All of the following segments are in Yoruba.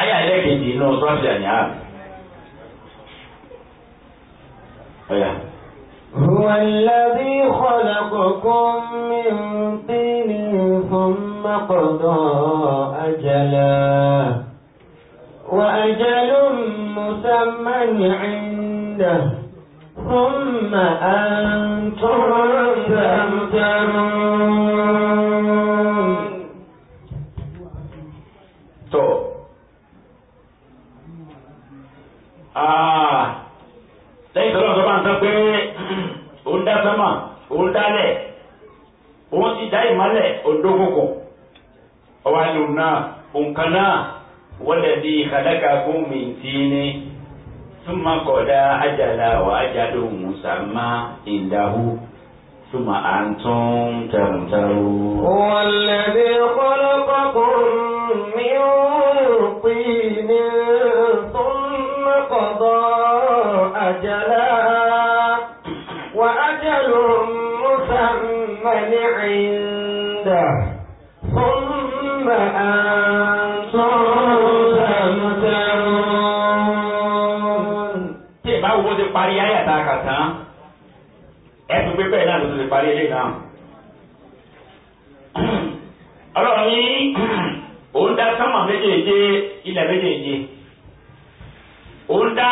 ayé ẹlẹ́kẹ̀jì inú sọ́ọ̀tì àyà. هو الذي خلقكم من طين ثم قضى أجلا وأجل مسمى عنده ثم أنتم تمترون تو آه ليس الله سبحانه وتعالى òun dá sánmà òun dálẹ̀ òun sì dá ìmálẹ̀ òdókòkò ọwọ́ àlùm náà òǹkan náà wọ́n lè di ìkàdákà fún mi tì ní. ثم قضى أجله وأجله مسمى عنده ثم أنتم تمترون هو الذي خلقكم من طين ثم قضى أجلا وأجل مسمى عنده ثم أنتم parí àyàtà kàtàn ẹ̀sùn pé bẹ́ẹ̀ náà ló ti parí eléyìí náà. ọlọ́run ní òun dá sánmà méjèèje ilẹ̀ méjèèje òun dá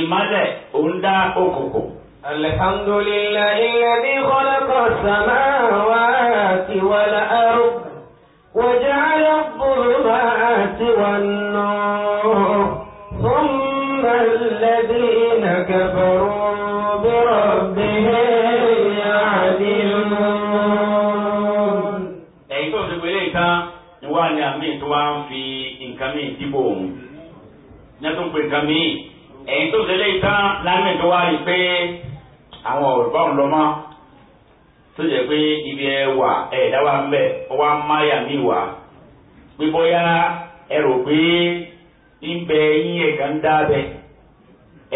ìmálẹ̀ òun dá òkùnkùn. الحمد لله الذي خلق السماوات والأرض وجعل الظلمات والنور wá ń fi nǹkan míì dìbò òun ní tó ń pè nǹkan míì ẹ̀yìn tó ṣẹlẹ̀ yìí lámì tó wá rí i pé àwọn ọ̀rọ̀ báwọn lọ mọ́ tó jẹ́ pé ibi ẹ wà ẹ̀ẹ́dá wa ń bẹ̀ ọ wá ń máyà mí wà pé bóyá ẹ rò pé ń bẹ yín ẹ̀ka dá bẹ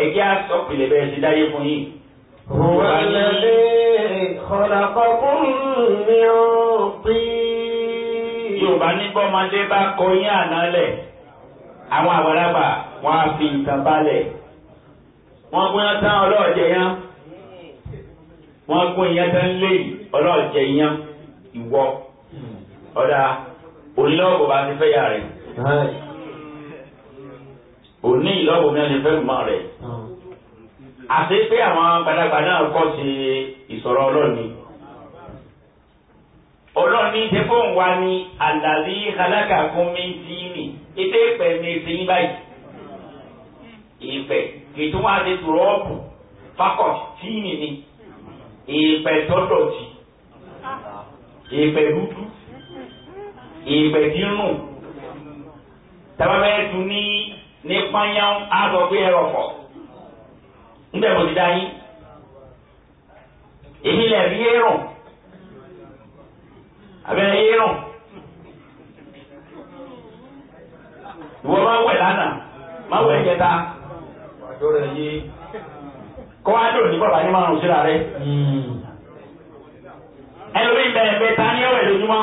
ẹ̀jẹ̀ àsọ̀pìlẹ̀ bẹ́ẹ̀ ti dáyé fún yín. هو الذي خلقكم من طين yorùbá ní bọ́mọdé bá kọ yín àná lẹ̀ àwọn àgbàlagbà wọn á fi ìtàn balẹ̀ wọn gbóná tán ọlọ́ọ̀jẹ̀ yẹn wọn gbó ìyẹn tán ọlọ́ọ̀jẹ̀ yẹn ìwọ ọ̀dà onílọ́ọ̀bù bá ti fẹ́ yà rẹ̀ òní ìlọ́ọ̀bù mi ti fẹ́ mọ́ rẹ̀ hmm. àti pé àwọn gbadagbà kọ́ sí ìsọ̀rọ̀ ọlọ́ọ̀ni ọlọ́run ní ṣe fóun wa ni àlàlí alákàkún mi ti nì ètè ìpẹ́ ní ètè yín báyìí ìpẹ́ ètò wa ti tùrọ́ọ̀bù fakọ̀ tí nì ni ìpẹ́ tọ́dọ̀ tì ìpẹ́ dúdú ìpẹ́ dínú tábàbẹ́ẹ̀tù ní ní pányán àgbọ̀gbé ẹ̀rọ̀fọ̀ níbẹ̀ mo ti dá yín èmi lẹ̀ rí ẹ̀rùn. abẹ́rẹ́ yé rùn ìwọ máa wẹ̀ lánàá máa wẹ̀ jẹta kọ́ wá dò ní bàbá ní márùn síra rẹ ẹlòmíì bẹ̀rẹ̀ bẹ̀rẹ̀ ta ní ọ̀rẹ́ lójúmọ́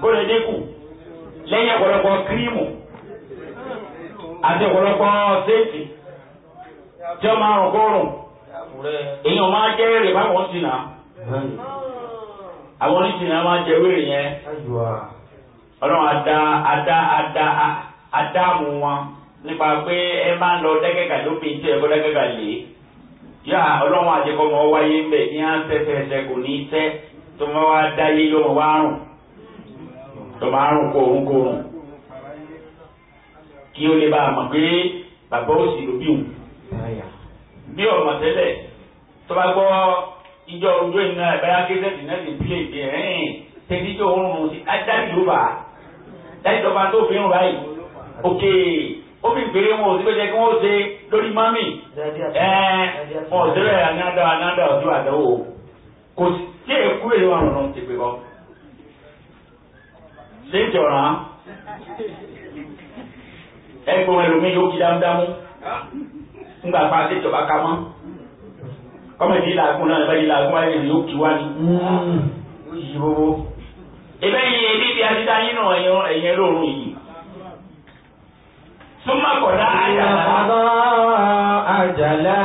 kó lè dínkù lẹ́yìn ọ̀pọ̀lọpọ̀ kírímù àti ọ̀pọ̀lọpọ̀ séètì àwọn oníṣìí náà máa jẹ wéèrè yẹn ọlọ́run adá adá adá adáàmú wọn nípa pé ẹ máa ń lọ dẹ́gẹ́gà lópin tí ẹ kọ́ dẹ́gẹ́gà lé yá ọlọ́run àjẹkọ́mọ wáyé ń bẹ̀ ní àtẹ́fẹ́ẹsẹ kò ní í tẹ́ tó máa wá dáyé yọmọ wá rùn tó máa rùn kòrùn kòrùn kí ó lè bá a mọ̀ pé bàbá òsì ló bí òun bí ọmọ tẹ́lẹ̀ tó bá gbọ́ ìjọ ọjọ́ iná ìbáyá kẹsẹ̀tì náà ti bílẹ̀ ìgbé ẹ̀ẹ́n tẹ̀lé tí òun rùn sí dájú ló bá dájú ló bá tó fi ń ra yìí òkè ó fi ìpèrè wọn ò sí pẹ́jẹ́ kí wọ́n ṣe lórí mami ẹ̀ẹ́n ọ̀sẹ̀rẹ̀ anádà anádà ọjọ́ àdáwò kò sí èkú èrò àrùn náà ti pè kọ́ ṣé ìjọ̀ràn ẹgbọ̀n ẹlòmíì yóò kí dámúdámú ńgbà pa ṣèjọba ká mọ́ kọ́mọ̀ ìdí làágùn náà ìbẹ́ yìí làágùn wáyé ìlú òkè wá ní mm. ó yí owó. ìbẹ́ yìí ebi bí adídá yín náà ẹ̀yẹ lóorùn yìí. súnmọ́ kọ̀dá àjàlá. àbá àjàlá.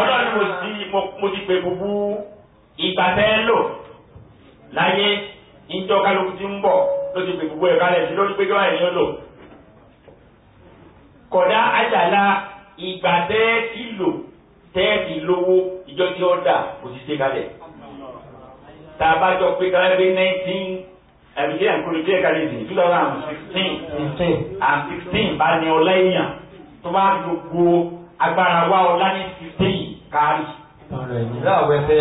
ọlọ́run mo ti mo ti pè gbogbo ìgbà tẹ́ lò láyé ìjọ kálukú ti ń bọ̀ ló ti pè gbogbo ẹ̀ka rẹ̀ sí lórí pé kí lò. kọ̀dá àjàlá ìgbà tẹ́ kìlò tẹ́ẹ̀dì lówó ìjọ tí ó dà kò sì ṣe kalẹ̀ tá a bá jọ pé kalẹ̀ bí nineteen ẹ̀mí ẹ̀kúrẹ́ tí ẹ̀ka lè dì two thousand and sixteen and sixteen bá ní ọlá èèyàn tó bá gbogbo agbára wa ọlá ní sixteen kárí. láwùjọ ẹsẹ.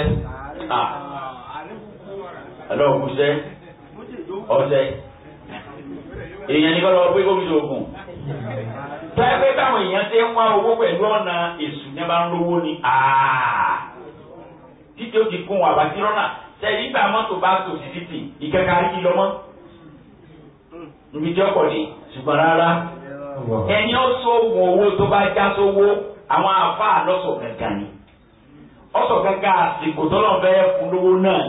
alo ọ̀gùnṣẹ́ ọ̀sẹ̀ èèyàn ní kọ́ lọ pé kó fi ṣoògùn. tẹ́lẹ̀ táwọn èèyàn ti ń wá owó pẹ̀lú ọ̀nà èsù ní bá ń rówó ni títí ó ti kún wọn àbá lọ́nà sẹ́yìn ìgbà mọ́tò bá tò sí títì ìkẹ́kẹ́ àríkì lọ́mọ́ níbi tí ṣùgbọ́n rárá ẹni ó owó tó bá já sówó àwọn àáfàá lọ́sọ̀ ni ọ̀sọ̀ àsìkò fẹ́ fún lówó náà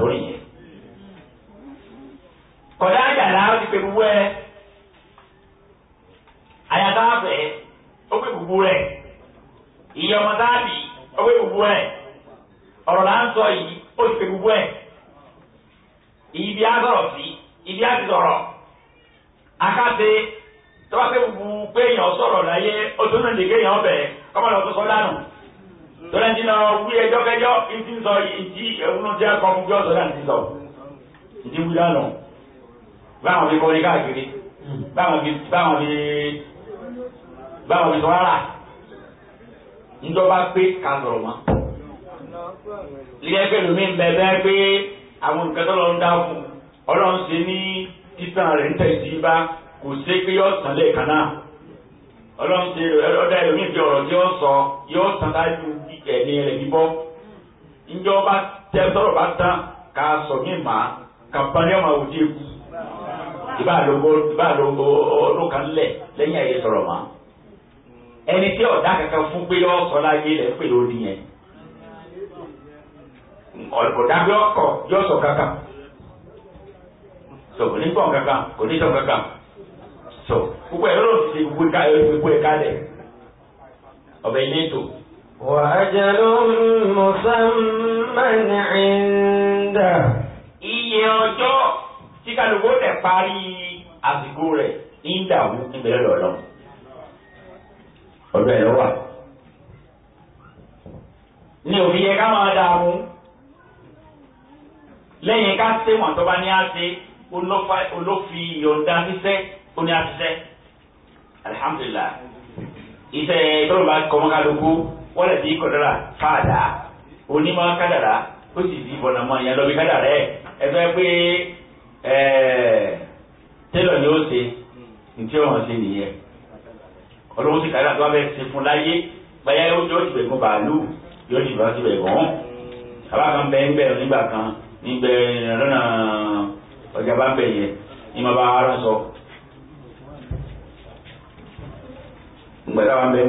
ni kɔdaa da laa nipa bubu yɛ ayaba abɛ ɔbɛ bubu yɛ iyɔmɔdaabi ɔbɛ bubu yɛ ɔrɔlansɔ yi ɔbɛ bubu yɛ ibi azɔrɔ si ibi azɔrɔ akase tọ́ba pé bubu pé èèyàn sọ̀rọ̀ láyé ọdún náà nìké èèyàn bẹ̀ kọ́mọ lọ sọ́sọ́ dànù tọ́lá ti lọ wí ẹjọ́ kẹjọ́ ìdí sọ ìdí ẹ̀wúnú báwọn fi kọrin káàkiri hmm. báwọn fi báwọn fi báwọn fi sọ rárá njọba pé ká sọ̀rọ̀ mọ́ ilé ẹgbẹ́ lómi ń bẹ bẹ́ẹ̀ pé àwọn nǹkan tó lọ ń dá fún ọlọ́run ṣe ní títàn rẹ̀ ń tẹ̀sí bá kò ṣe pé yọ sàn lẹ́ẹ̀kan náà ọlọ́run ṣe ọ̀dà ẹ̀lómi fi ọ̀rọ̀ tí ó sọ yóò tàn dájú ẹ̀mí rẹ̀ bíbọ́ njọba tẹ tọrọ bá tán ká sọ mí mà kàmpani ọmọ àwòdì èkú. ìbá àlógó ìbá àlógó ọdún kan lẹ̀ lẹ́yìn ayé sọ̀rọ̀ mọ́ ẹni tí ọ̀dà kankan fún pé láyé rẹ̀ pè ló nìyẹn ọ̀dà bí ọkọ̀ sọ kankan so kò kankan kò ní sọ kankan so gbogbo ẹ̀ ti gbogbo gbogbo ọ̀bẹ ilé iye tí kálukú tẹ̀ parí àsìkò rẹ̀ ìdààmú ìbẹ̀rẹ̀ lọ́lọ́ ọdún ẹ̀ lọ́wọ́ ni òfin yẹ ká máa dààmú lẹ́yìn ká sé wọn tó bá ní àṣe olófin yọ̀ǹda ṣiṣẹ́ ó ní àṣiṣẹ́ alihamudulilayi iṣẹ́ ìtọ́lùbá kọ́mọ́kálukú wọ́n lè ti kọ́dọ̀rà fáadà onímọ̀ kádàrà ó sì fi ìbọ̀nàmọ́ ìyẹn lọ́bí kádàrà ẹ̀ ẹ pé. tẹ́lọ̀ ni ó ṣe ntí ó hàn sí nìyẹn ọlọ́wọ́ sì kàdá tó wá bẹ́ẹ̀ ṣe fún láyé báyà yóò yóò ti bẹ̀gùn bàálù yóò ti bẹ̀gùn bẹ̀gùn hmm. abákan bẹ́ẹ̀ ń bẹ̀rù nígbà kan nígbẹ̀ lọ́nà ọjà bá ń bá sọ. táwa ń bẹ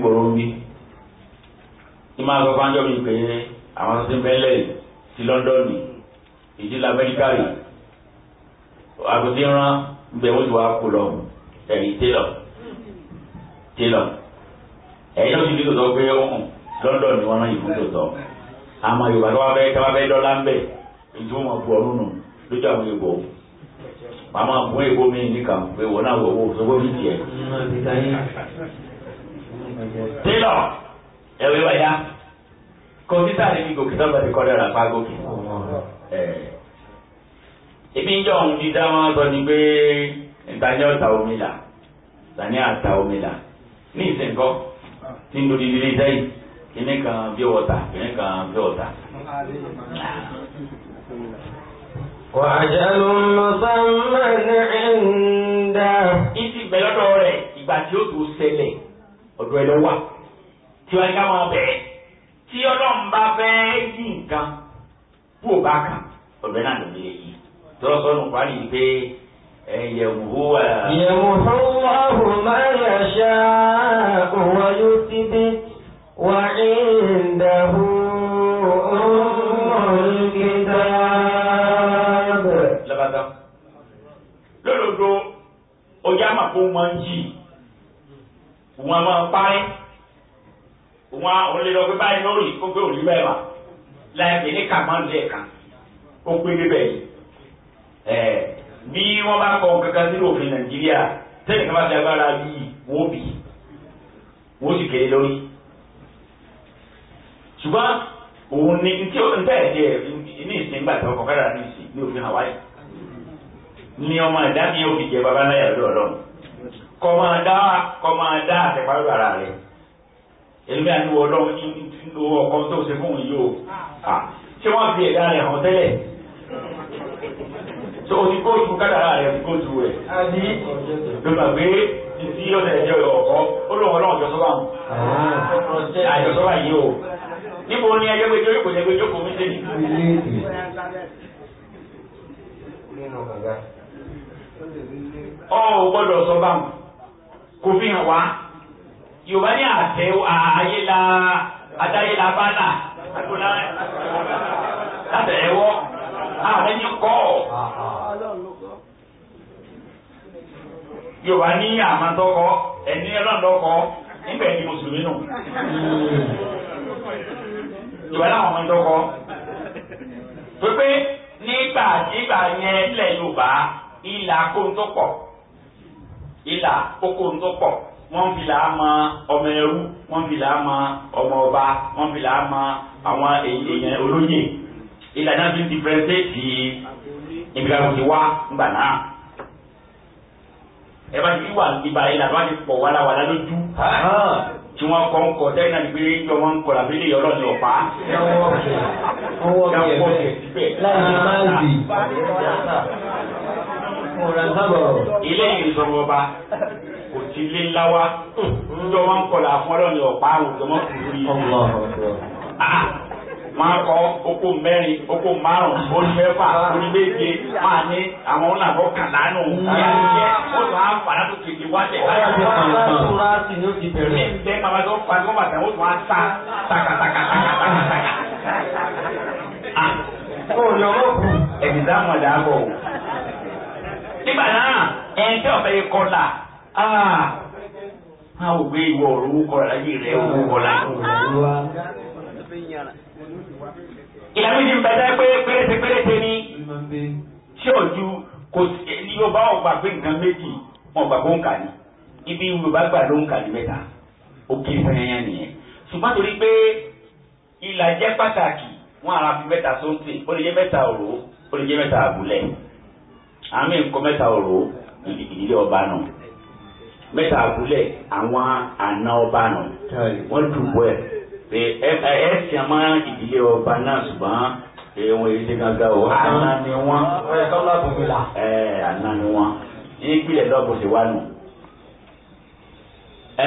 gbòòrò àgùntí rán gbẹ wọn ti wá kó lọ ẹ̀yìn télọ̀ télọ̀ ẹ̀yìn náà ti fi tòótọ́ pé ọ̀hún London ni wọ́n rán yìí fún tòótọ́ àmọ́ Yorùbá tó wá fẹ́ tó wá fẹ́ dọ́là ń bẹ̀ ètò wọn bu ọ̀run nù lójú àwọn èèbò màmá fún èèbò mi nìkan pé wọn náà wọ̀ wọ́ sọ́wọ́ mi tiẹ̀. télọ̀ ẹ̀rọ ìwà ya kọ́ńtítà ni gòkè tó ti kọ́ dára pa gòkè ibi ń jọ òun ti dá wọn sọ ni pé ìtajà ọ̀tà omi là tani àtà omi là ní ìsìnkọ́ tí ń lórí ilé sẹ́yìn kìnnì kan bí wọ́tà kìnnì kan bí wọ́tà. وأجل مسمى عنده ìsì gbẹ̀lọ́dọ̀ rẹ̀ ìgbà tí ó tó ṣẹlẹ̀ ọ̀dọ̀ ẹ̀ lọ́wọ́ tí wọ́n ká máa bẹ̀ẹ́ tí ọlọ́run bá fẹ́ yí nǹkan kú ò bá ọ̀dọ̀ ẹ̀ náà lè yí tọ́lọ́sọ́nù parí pé ẹ̀yẹ̀wò hó wà. yẹ̀wò hó wà hó máa yà ṣá òwò yóò ti dé wà ìdààmú ọ̀rùnkìtà. lọ́bàtà lọ́dọ̀dọ̀ ọjà máa kó wọn jì wọn máa parí wọn àwọn lè lọ pé báyìí lórí kó pé òní bẹ́ẹ̀ wà láì ní kàmá ń ó pé níbẹ̀ yìí. Eh, bí wọ́n bá kọ kankan nínú òfin nàìjíríà tẹ́lẹ̀ kan bá fi agbára wọ́n bì ṣùgbọ́n òun ni ntí ọ̀n tẹ́lẹ̀ jẹ́ ní ìsìn gbàtà ọkọ̀ kára ní ìsìn ní òfin hawaii ni ọmọ ẹ̀dá mi ò fi jẹ babaláyà lọ́dọ̀ ọlọ́run kọ́ máa dá kọ́ máa dá àtẹ̀párọ̀ ara rẹ̀ àti ọkọ̀ tó ṣe fún o ah. Ah. ṣé wọ́n fi ẹ̀dá rẹ̀ tó o ti kó ìkú kádàrá rẹ̀ kó tu rẹ̀. àbí ló gbà pé títí ọ̀sẹ̀ ìjọ ọ̀kọ́ ó lóun ọlọ́run jọ sọ́wọ́ àwọn àjọ sọ́wọ́ yìí o níbo ni ẹjọ́ gbé jókòó jẹ́ gbé jókòó mi sẹ́yìn. ọ̀ gbọ́dọ̀ sọ báwọn kò fi hàn wá yorùbá ní àtẹ ayé la adáyé la bá là látẹ̀ẹ́wọ́ àwọn ẹni kọ́ ọ̀. Ah, ah. yorùbá ní àmàtọkọ ẹni ọlọ́dọkọ níbẹ̀ ni mùsùlùmí nù yorùbá láwọn ọmọ ìdọkọ pépé nígbà nígbà yẹn ilẹ̀ yorùbá ìlà kóńtó pọ̀ ìlà kóńtó pọ̀ wọ́n fi là mọ ọmọ ẹrú wọ́n fi là mọ ọmọ ọba wọ́n fi là mọ àwọn èèyàn olóyè ìlànà fi dìfẹrẹsẹtì ìgbìyànjú ti wá ńgbà náà ẹ bá ti fi wà ìgbà yìí làbá ti pọ̀ wàlà wàlà lójú tí wọ́n kọ́ ń kọ́ sẹ́yìn náà gbé yọ wọn kọ́ làbí lè yọ̀rọ̀ ní ọ̀pá. ọwọ́ kẹ̀ bẹ́ẹ̀ láti máa dì ọ̀rọ̀ àtàbọ̀rọ̀. ilé ìsọ̀rọ̀ ọba kò ti lé ńlá wa jọ wọn kọ́ làfọ́lọ́ ní ọ̀pá àwùjọ mọ́ kúrú yìí. máa kọ oko mẹ́rin oko márùn oní mẹ́fà máa ní àwọn ọ̀nà àbọ̀kànlá nù. yàtúnyẹ ó tún á fara tó kejì wá tẹ̀ láti ọ̀rọ̀ ní bẹ́ẹ̀ bàbá tó fa bàtà ó tún á ta ó kù nígbà náà ẹni tí yìí kọ́ la a ò ìlànà méjì ń bẹ jẹ́ pé péréte péréte ni tí ò ju kò sí ní yorùbá ò pé nǹkan méjì wọn gbà kó ń kà ní ibi yorùbá gbà ló ń kà ní mẹ́ta ó kí fẹ́yẹ́yẹ́ nìyẹn ṣùgbọ́n torí pé ìlà jẹ́ pàtàkì wọn àrà fi mẹ́ta sóńtì ó lè jẹ́ mẹ́ta òró ó lè jẹ́ mẹ́ta àbúlẹ̀ àmì nǹkan mẹ́ta òró ìdílé ọba náà mẹ́ta àbúlẹ̀ àwọn àna ọba náà wọ́n dùn bọ́ ẹ̀ ẹ ti àmọ́ ìdílé ọba náà ṣùgbọ́n èèwọ̀n èyí ti gangan o àná ni wọ́n. ọ̀rẹ́ kọ́lá bùnmi la. ẹ àná ni wọ́n ìpìlẹ̀ lọ́gbọ̀n ṣe wá nù.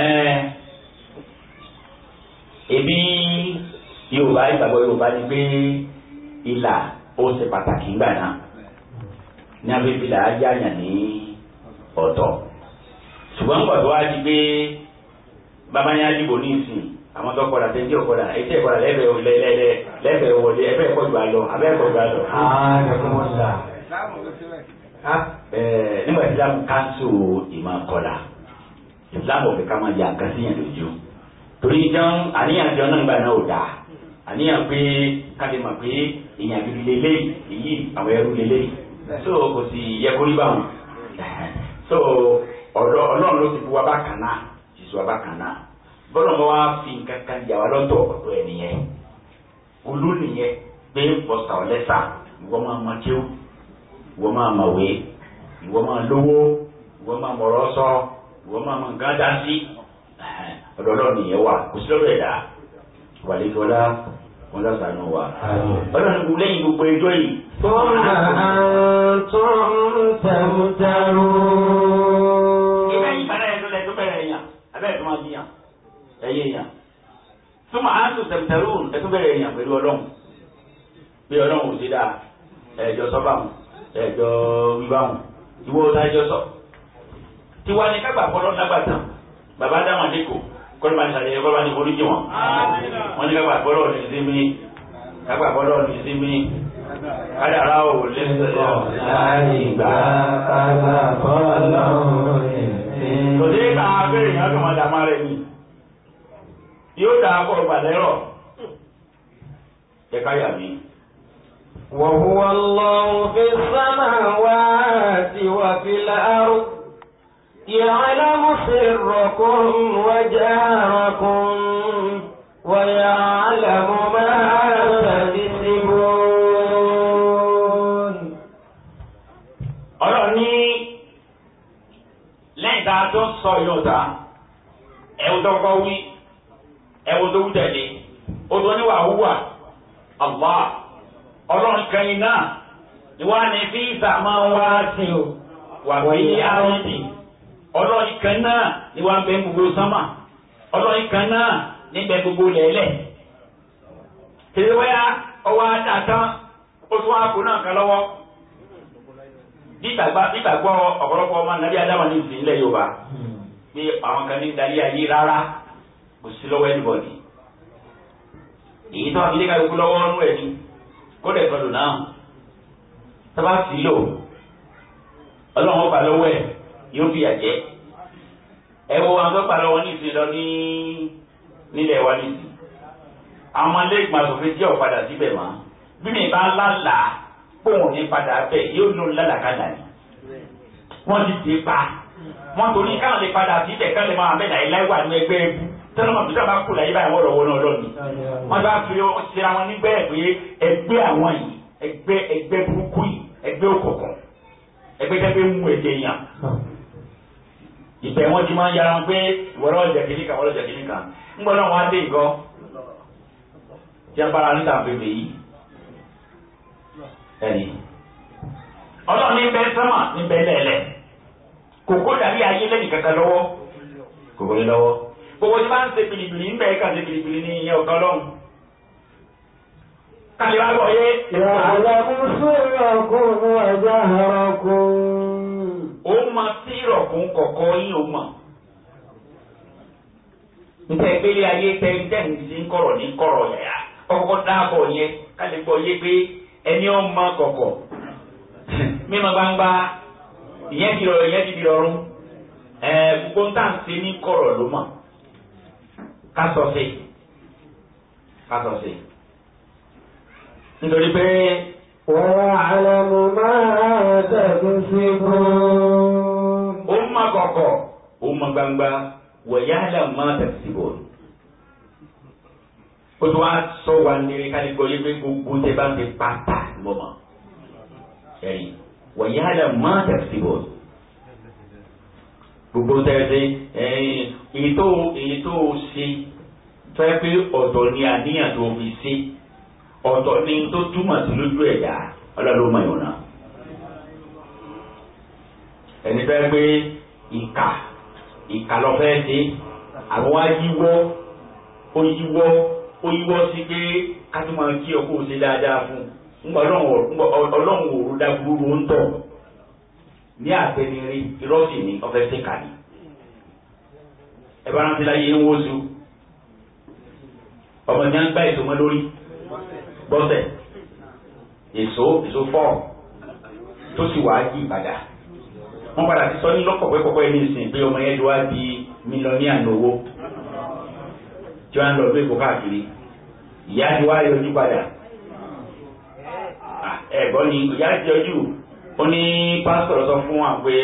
ẹ ẹbí yorùbá ìgbàgbọ́ yorùbá ni pé ìlà ó ṣe pàtàkì ńgbà náà ní abébìlà ajá yàn ní ọ̀tọ̀ ṣùgbọ́n pàtó wá di pé bàbá yẹn á dìbò ní ìsìn àwọn tó kọdà tẹ́ńtì ọ̀kọdà etí ẹ̀kọdà lẹ́fẹ̀ẹ́ wọlé ẹ̀fẹ́ ẹ̀kọ́jú àlọ́ abẹ́ ẹ̀kọ́jú àlọ́. nígbà tí láàmú káńsù ìmọ̀ kọdà ìsìláàmù ọ̀fẹ́ ká máa yà nǹkan sí yàn lójú torí jẹun àníyàn jẹun náà nígbà náà ò dáa àníyàn pé káde mọ̀ pé èèyàn gidi lélẹ̀ èyí àwọn ẹrú lélẹ̀ so kò sì yẹ kó rí báwọn so ọ̀dọ́ ọlọ́run ló ti bu wa bákan náà ti sọ wa bákan náà bọ́lá wọn wá fi nǹkan kan yà wá lọ́tọ̀ ọ̀dọ̀ ẹ̀ nìyẹn olú nìyẹn pé bọ́sà ọ̀lẹ́sà ìwọ máa ma kéwù ìwọ máa ma wé ìwọ máa lówó ìwọ máa mọ̀rọ̀ sọ ìwọ máa ma nǹkan dá sí ọ̀dọ̀ nìyẹn wà kò sí lọ́dọ̀ ẹ̀dá wàlejò ọlá wọn lọ sànù wa. ọlọ́run kò lẹ́yìn gbogbo ẹjọ́ yìí. kọ́nà tó bẹ̀rẹ̀ yàn abẹ́ẹ̀ tó máa ẹ̀yin èèyàn fún màá tún tẹ̀mítẹ̀rún ẹ tún bẹ̀rẹ̀ èèyàn pẹ̀lú ọlọ́run pé ọlọ́run ò sí dáa ẹ̀jọ̀ sọ́bà wọn ẹ̀jọ̀ wíwá wọn ìwọ ọ̀dájọ́ sọ. tiwa ni kágbà fọlọ́ lágbàtàn bàbá dáhùn àdékò kọ́lé máa ṣàlẹ̀ kọ́lé máa ní oríjì wọn. wọ́n ní kágbà fọlọ́ ní sinmi kágbà fọlọ́ ní sinmi kádàrá ò lè sọ. láì gbà kágbà fọlọ́ ní sinmi. kò sí abẹ́rẹ́ yẹn ọdún rẹ̀ ni yóò dáa kọ́ ọgbà lẹ́rọ̀ ẹ̀ka yà mí. وهو الله في السماوات وفي الأرض يعلم سركم وجاركم ويعلم ما تكسبون ọ̀rọ̀ ní lẹ́yìn tá a tó sọ yóò ẹ̀wùdọ́kọ̀ wí. ẹ̀wọ̀n tó wú ni ó tó ní wàhúwà Allah ọlọ́run kẹyìn náà ìwà ni fi ìsàmọ́ wá sí o wà ní àrùndì ọlọ́run náà ni wà gbogbo sánmà ọlọ́run kan náà ni bẹ gbogbo lẹ́lẹ̀ tètè wáyà ọwọ́ àtàtàn ó tún wá náà lọ́wọ́ ọ̀pọ̀lọpọ̀ ọmọ nàbí kò sí lọ́wọ́ ẹnìbọ̀dì èyí tó àbílẹ̀ kálukú lọ́wọ́ ọ̀run ẹ̀ ni kọ́lẹ̀ tọ́lù náà tọ́ba sí lò ọlọ́run ọba lọ́wọ́ ẹ̀ yóò fìyà jẹ́ ẹ wo àwọn tó pa lọ́wọ́ ní ìsìn lọ ní nílẹ̀ wa nìsín àwọn ilé ìgbìmọ̀ àgbòfin jẹ́ ọ̀padà síbẹ̀ mọ́ bí mi bá lálà pòun ní padà bẹ̀ yóò lò lálàkàlà ni wọ́n ti ti pa wọ́n torí káwọn lè padà síbẹ̀ káwọn lè máa bẹ̀ láì wà ní ẹgbẹ́ ẹbú tọ́lọ́ mọ̀ bísọ̀ bá kú láyé báyìí wọ́n lọ́wọ́ náà bá fi àwọn yìí burúkú yìí mú yàn ti máa yára pé ọjà kìíní kan kìíní kan náà wọ́n á dé ìgọ́ tí a bára níta bèbè yìí ọlọ́run ní sọ́mà ní dàbí ayé lẹ́yìn kankan lọ́wọ́ kòkó gbogbo tí wọ́n ń ṣe bìlìbìlì ń bẹ̀ẹ́ kàn ṣe bìlìbìlì ní ìyẹn ọ̀kan lọ́hùn. kálí wá bọ̀ yé. ìyàwó sóòrọ̀kùn ẹ̀jẹ̀ àrọ̀kùn. ó mọ sí ìrọ̀kùn kọ̀ọ̀kọ́ yín ó mọ̀. ntẹ́ gbélé ayé tẹ́ ń tẹ́ ń sí ń kọ̀rọ̀ ní kọ̀rọ̀ yàrá kọ́kọ́ dáàbọ̀ yẹn kálí gbọ́ yé pé ẹni ó mọ kọ̀kọ̀ mímọ́ gbangba ìyẹn ti rọrùn ìyẹn ti di rọrùn ẹ gbogbo ń tà ń ní kọ̀rọ̀ ló mọ̀ kásọ̀fì kásọ̀fì nítorí pé wọ́n àlọ́mù máa tẹ̀lé sí fún. ó mọ kọ̀kọ̀ ó mọ gbangba wọ̀nyá àlọ́mù máa tẹ̀lé sí fún. ó tún wá sọ wa nílé kálíkọ yé pé gbogbo tẹ bá ń ṣe pátá mọ́mọ́ ẹ̀yìn wọ̀nyá àlọ́mù máa tẹ̀lé sí fún gbogbo tẹ́lẹ̀ èyí tó èyí tó ṣe tọ́yẹ́ pé ọ̀tọ̀ ni àníyàn tó fi ṣe ọ̀tọ̀ ni tó túmọ̀ sí lójú ẹ̀dá ọlọ́run mọ̀ ìwọ̀n náà ẹni tọ́yẹ́ pé ìkà ìkà lọ fẹ́ ṣe àwọn ayíwọ́ ó yíwọ́ ó yíwọ́ sí pé ká tó máa kí ọkọ̀ ṣe dáadáa fún un ńgbà ọlọ́run òru dá gbogbo ń tọ̀ ní àtẹnirí irọ́ọ̀sì ní ọ̀fẹ́ ṣèkà ni ẹ bá rántí láyé ń wóṣù ọmọ ní à ń gbá èso mọ́ lórí bọ́sẹ̀ èso èso fọ́ọ̀ tó sì wàá jí ìbàdà wọ́n padà ti sọ ní lọ́kọ̀ọ́kọ́ ẹni ìsìn pé ọmọ yẹn ti wá di mílíọ̀nìyà lówó tí wọ́n á lọ lóyún kó káàkiri ìyá ti wá yọjú padà ẹ̀gbọ́n ni ìyá ti yọjú ó ní pásítọ̀ sọ fún wa pé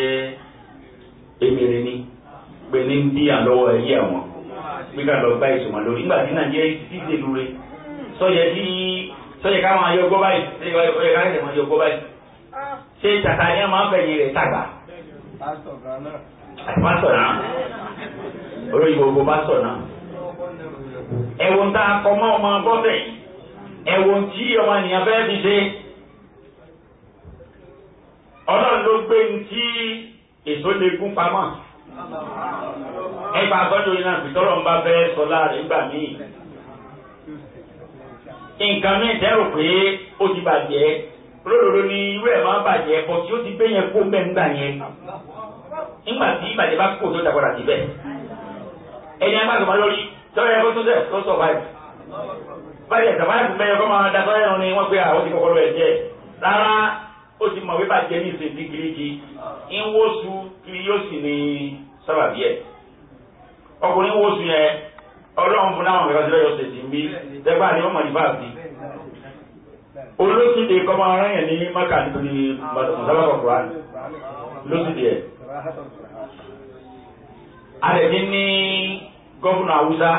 emèrè ni pé ní bí àlọ́wọ́ ẹ̀yẹ àwọn pé ká lọ gba ìṣòwò lórí nígbà tí nàìjíríà ti ṣe lure sọ́yẹ tí sọ́yẹ ká máa yọ gbọ́ báyìí sọ́yẹ ká ṣẹ̀ṣẹ̀ máa yọ gbọ́ báyìí ṣé tàtà ni a máa ń fẹ̀yìn rẹ̀ tàgbà. pásítọ̀ náà olóyìnbó gbogbo pásítọ̀ náà ẹ̀wọ̀n tá a kọ́ mọ́ ọmọ gọ́fẹ̀ ẹ̀wọ̀n tí ọmọ ènìyàn fẹ́ fi ṣe ọlọ́run ló gbé ní tí èso lè gún pamọ́ ẹgbẹ́ agbọ́dọ̀ yìí náà fìtọ́rọ̀ ń bá bẹ́ẹ̀ sọ láàrin gbà míì nǹkan míì dẹ́rù pé ó ti bàjẹ́ lódodo ni irú ẹ̀ máa ń bàjẹ́ bọ́ tí ó ti gbé yẹn kó mẹ́ nígbà yẹn nígbà tí ìbàjẹ́ bá kó tó dàgbàdà síbẹ̀ ẹni agbàgbọ́n lórí tọ́lá ẹ̀kọ́ tó dẹ̀ tó sọ báyìí báyìí ẹ̀sẹ̀ báyìí fún bẹ́ẹ̀ kọ́ máa dasọ́ ẹ̀rọ ni wọ́n gbé àwọn ah, ti kọ́kọ́ lọ ẹ̀ rárá ó ti mọ̀ wípé àjẹ́ ní ìsìn dígírígì ń wó su kiri yóò sì ní sábàbí ẹ̀ ọkùnrin wó su yẹn ọlọ́run fún náà mẹ́fà síbẹ̀ yóò ṣe sí mi tẹ́gbà ni ó mọ̀ ní báàbí olóṣùdè kọ́mọ ara yẹn ní maka nítorí mọ̀sábà kọ̀kọ́ra lóṣùdè ẹ̀ àdẹ̀dín ní gọ́fúnà haúsá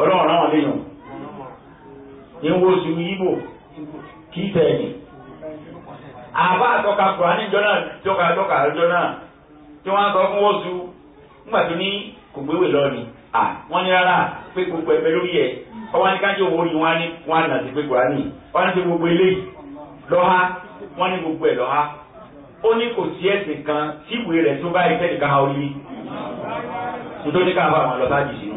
ọlọ́run náà léyìn ìwòsùn yíbò kí tẹ̀ ẹ̀yìn. àbá àtọ́ka kùránì jọ náà tọ́ka tọ́ka jọ náà tí wọ́n á sọ fún wọ́sù tó ní kò gbéwè lọ ni à wọ́n ní rárá pé gbogbo ẹ̀mẹ́ lórí ẹ̀ ọwọ́ ní kájọ owó ni wọ́n á ní wọ́n á nà sí pé kùránì wọ́n á gbogbo eléyìí lọ́ha wọ́n ní gbogbo ẹ̀ lọ́ha ó ní kò sí ẹ̀sìn kan tí ìwé rẹ̀ tó ha orí nítorí ká bá àwọn lọ́sáàjì sínú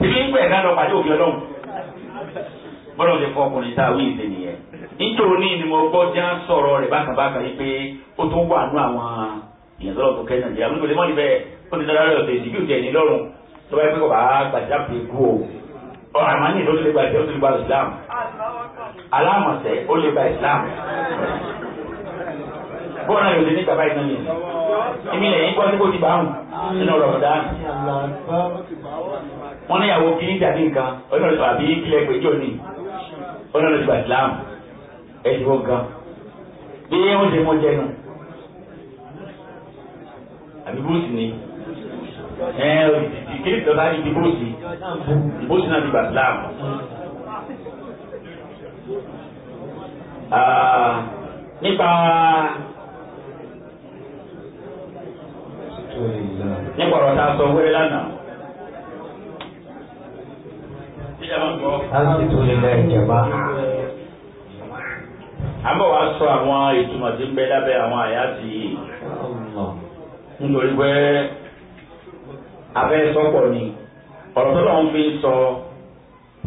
síbi ń pẹ̀ ẹ̀dá lọ pàdé òfin ọlọ́run bọ́dọ̀ ti kọ́ ọkùnrin tá a wí ìdè nìyẹn nítorí ni mo gbọ́ já sọ̀rọ̀ rẹ̀ bákan bákan yìí pé ó tún wà nú àwọn èèyàn tó lọ tó kẹ́yìn nàìjíríà nígbà tí wọ́n ti bẹ́ẹ̀ ó ti dára rẹ̀ ọ̀sẹ̀ ìdíjú tiẹ̀ ní lọ́rùn tó bá yẹ pé kò bá gbàjá pé kú o ọ̀rọ̀ àmọ́ ní ìlú ó lè gba ìjọ tó lè gba Islam alámọ̀sẹ̀ ó lè gba Islam bọ́ọ̀ náà yóò lé ní bàbá ìtàn yìí èmi gbọ́ sí kó ti bá hùn nínú wọ́n níyàwó kí ní tàbí nǹkan ọlọ́run àbí kílẹ̀ péjọ ni ọlọ́run ti gbà islam ẹ̀sìn wọn kan bí wọ́n ṣe mọ jẹnu àbí bóòsì ni ìkéde tó bá ní ti bóòsì bóòsì náà ti gbà islam. nípa nípa ọ̀rọ̀ tá a sọ wẹ́rẹ́ lánàá alhamdulilayi jama. a bọ̀ wá sọ àwọn ìtumọ̀ tí ń bẹ lábẹ́ àwọn àyà ti nítorí pé abẹ́ sọ́pọ̀ ni ọ̀rọ̀ tó lọ́n fi sọ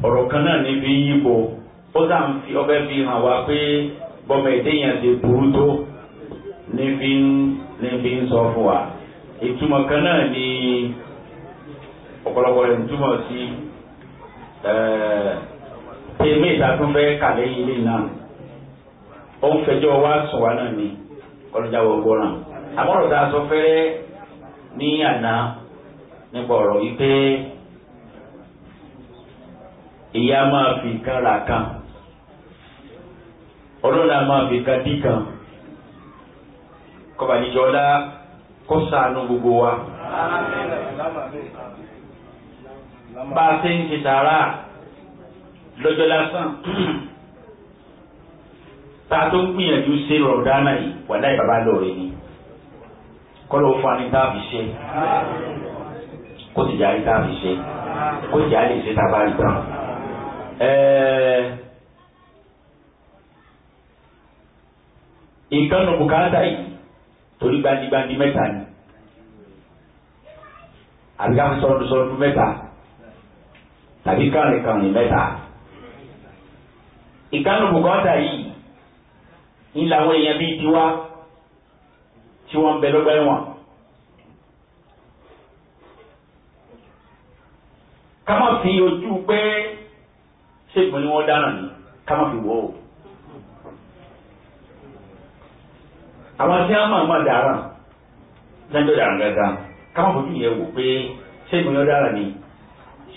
ọ̀rọ̀ kan náà ní fi yíbo ó sà ń fi ọbẹ̀ fi hàn wá pé bọ́mọ ìdíyàn ti burú tó ní fi ń fi ń sọ fún wa ìtumọ̀ kan náà ni ọ̀pọ̀lọpọ̀ rẹ̀ sí. Si, èmi ìtàkùnbẹ kàlẹ́ yìí lè nà ó ń fẹjọ́ wá sùn wá náà ni kọlọ́jà wọ a sọ fẹ́rẹ́ ní àná nípa ọ̀rọ̀ wípé ìyá máa fi kan rà kan ọlọ́run àá máa fi wa. bá a ṣe ń ṣe sàárà lọ́jọ́ lásán tá a tó ń gbìyànjú ṣe rọ̀dánà yìí wàlá ìbàbá lọ́ọ̀rẹ́ ni kọ́lọ̀ fún ani tá a fi ṣe kó sì jáde tá a fi ṣe kó sì jáde ṣe tá a bá rí tán. ìkànnì bùkátà yìí torí gbandigbandi mẹ́ta ni àbíká fi sọ̀rọ̀ sọ̀rọ̀ mẹ́ta tàbí kàrìnkàrìn mẹ́ta ìkànnì bùkọ́tà yìí ń làwọn èèyàn bíi tiwa tí wọ́n ń bẹ lọ́gbà ẹ̀wọ̀n. ká má fi ojú pé ṣègbọ́n ni wọ́n dáràn ní ká má fi wọ́ o. àwọn tí wọ́n máa máa dáràn lẹ́jọ́ dáràn gángan ká má fojú yẹn wò pé ṣègbọ́n ni wọ́n dáràn ní.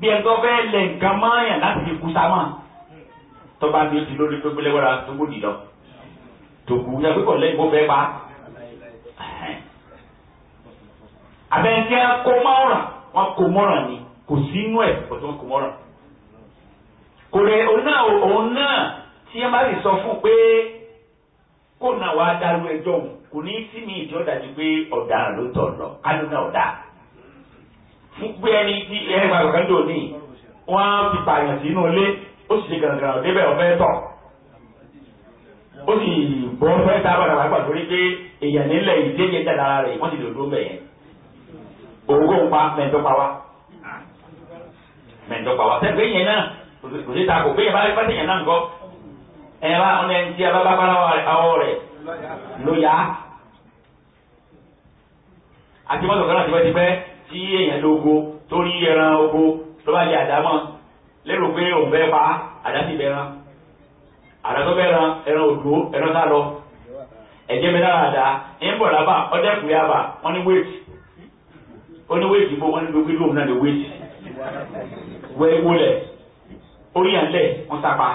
bí ẹni tó fẹ́ lẹ̀ nǹkan mọ́ọ̀yàn láti fi kú sámọ́ tọ́ba mi ti lórí pé gbẹlẹ́wọ́ra tó gbòdì lọ tó kú ní ẹgbẹ́ kọ̀ọ̀lẹ́ ìbò fẹ́ pa. abẹ́ńkẹ́ kó mọ́ràn wọn kó mọ́ràn ni kò sínú ẹ̀ pọ̀tù wọn kó mọ́ràn. kò lè òun náà òun náà tí ẹ bá lè sọ fún pé kó náà wàá dárú ẹjọ́ òun kò ní sí mi ìjọ́ dájú pé ọ̀daràn ló tọ̀ lọ kálọ́ náà ọ̀daràn gbogbo ẹni tí ẹni máa gbàgbọ́ tó ní wọ́n á fi pààyàn sí inú ilé ó sì ṣe gàngàn òdébẹ̀ ọ̀fẹ́ tọ̀ ó sì bọ́ fẹ́ tá a bàdà wá gbà torí pé èèyàn nílẹ̀ ìdíyẹ dáadáa rẹ̀ wọ́n sì lè dúró bẹ̀yẹn òun kò ń pa mẹ́ńtọ́ pa wá mẹ́ńtọ́ pa wá sẹ́gbẹ́ yẹn náà kò sí ta kò gbé yẹn bá rí pàṣẹ yẹn náà nǹkan bá ọ̀nà ẹni tí a bá bá bára àwọ̀ rẹ̀ ló yá àti mọ́tò kan náà ti pẹ́ ti pẹ́ tí èèyàn lógo tó rí ẹran oko tó bá jẹ àdámọ́ lérò pé òun bẹ́ẹ̀ pa àdá sì bẹ́ẹ̀ ran àdá tó bẹ́ẹ̀ ran ẹran òdò ẹran sá lọ ẹ̀jẹ̀ mi lára àdá ń bọ̀ lábà ọ̀dẹ́kùnrin àbà wọ́n ní wéètì ó ní wéètì bó wọ́n ní gbogbo ìdóhùn náà ní wéètì wẹ́ẹ́wó lẹ̀ orí yàn lẹ̀ wọ́n sápa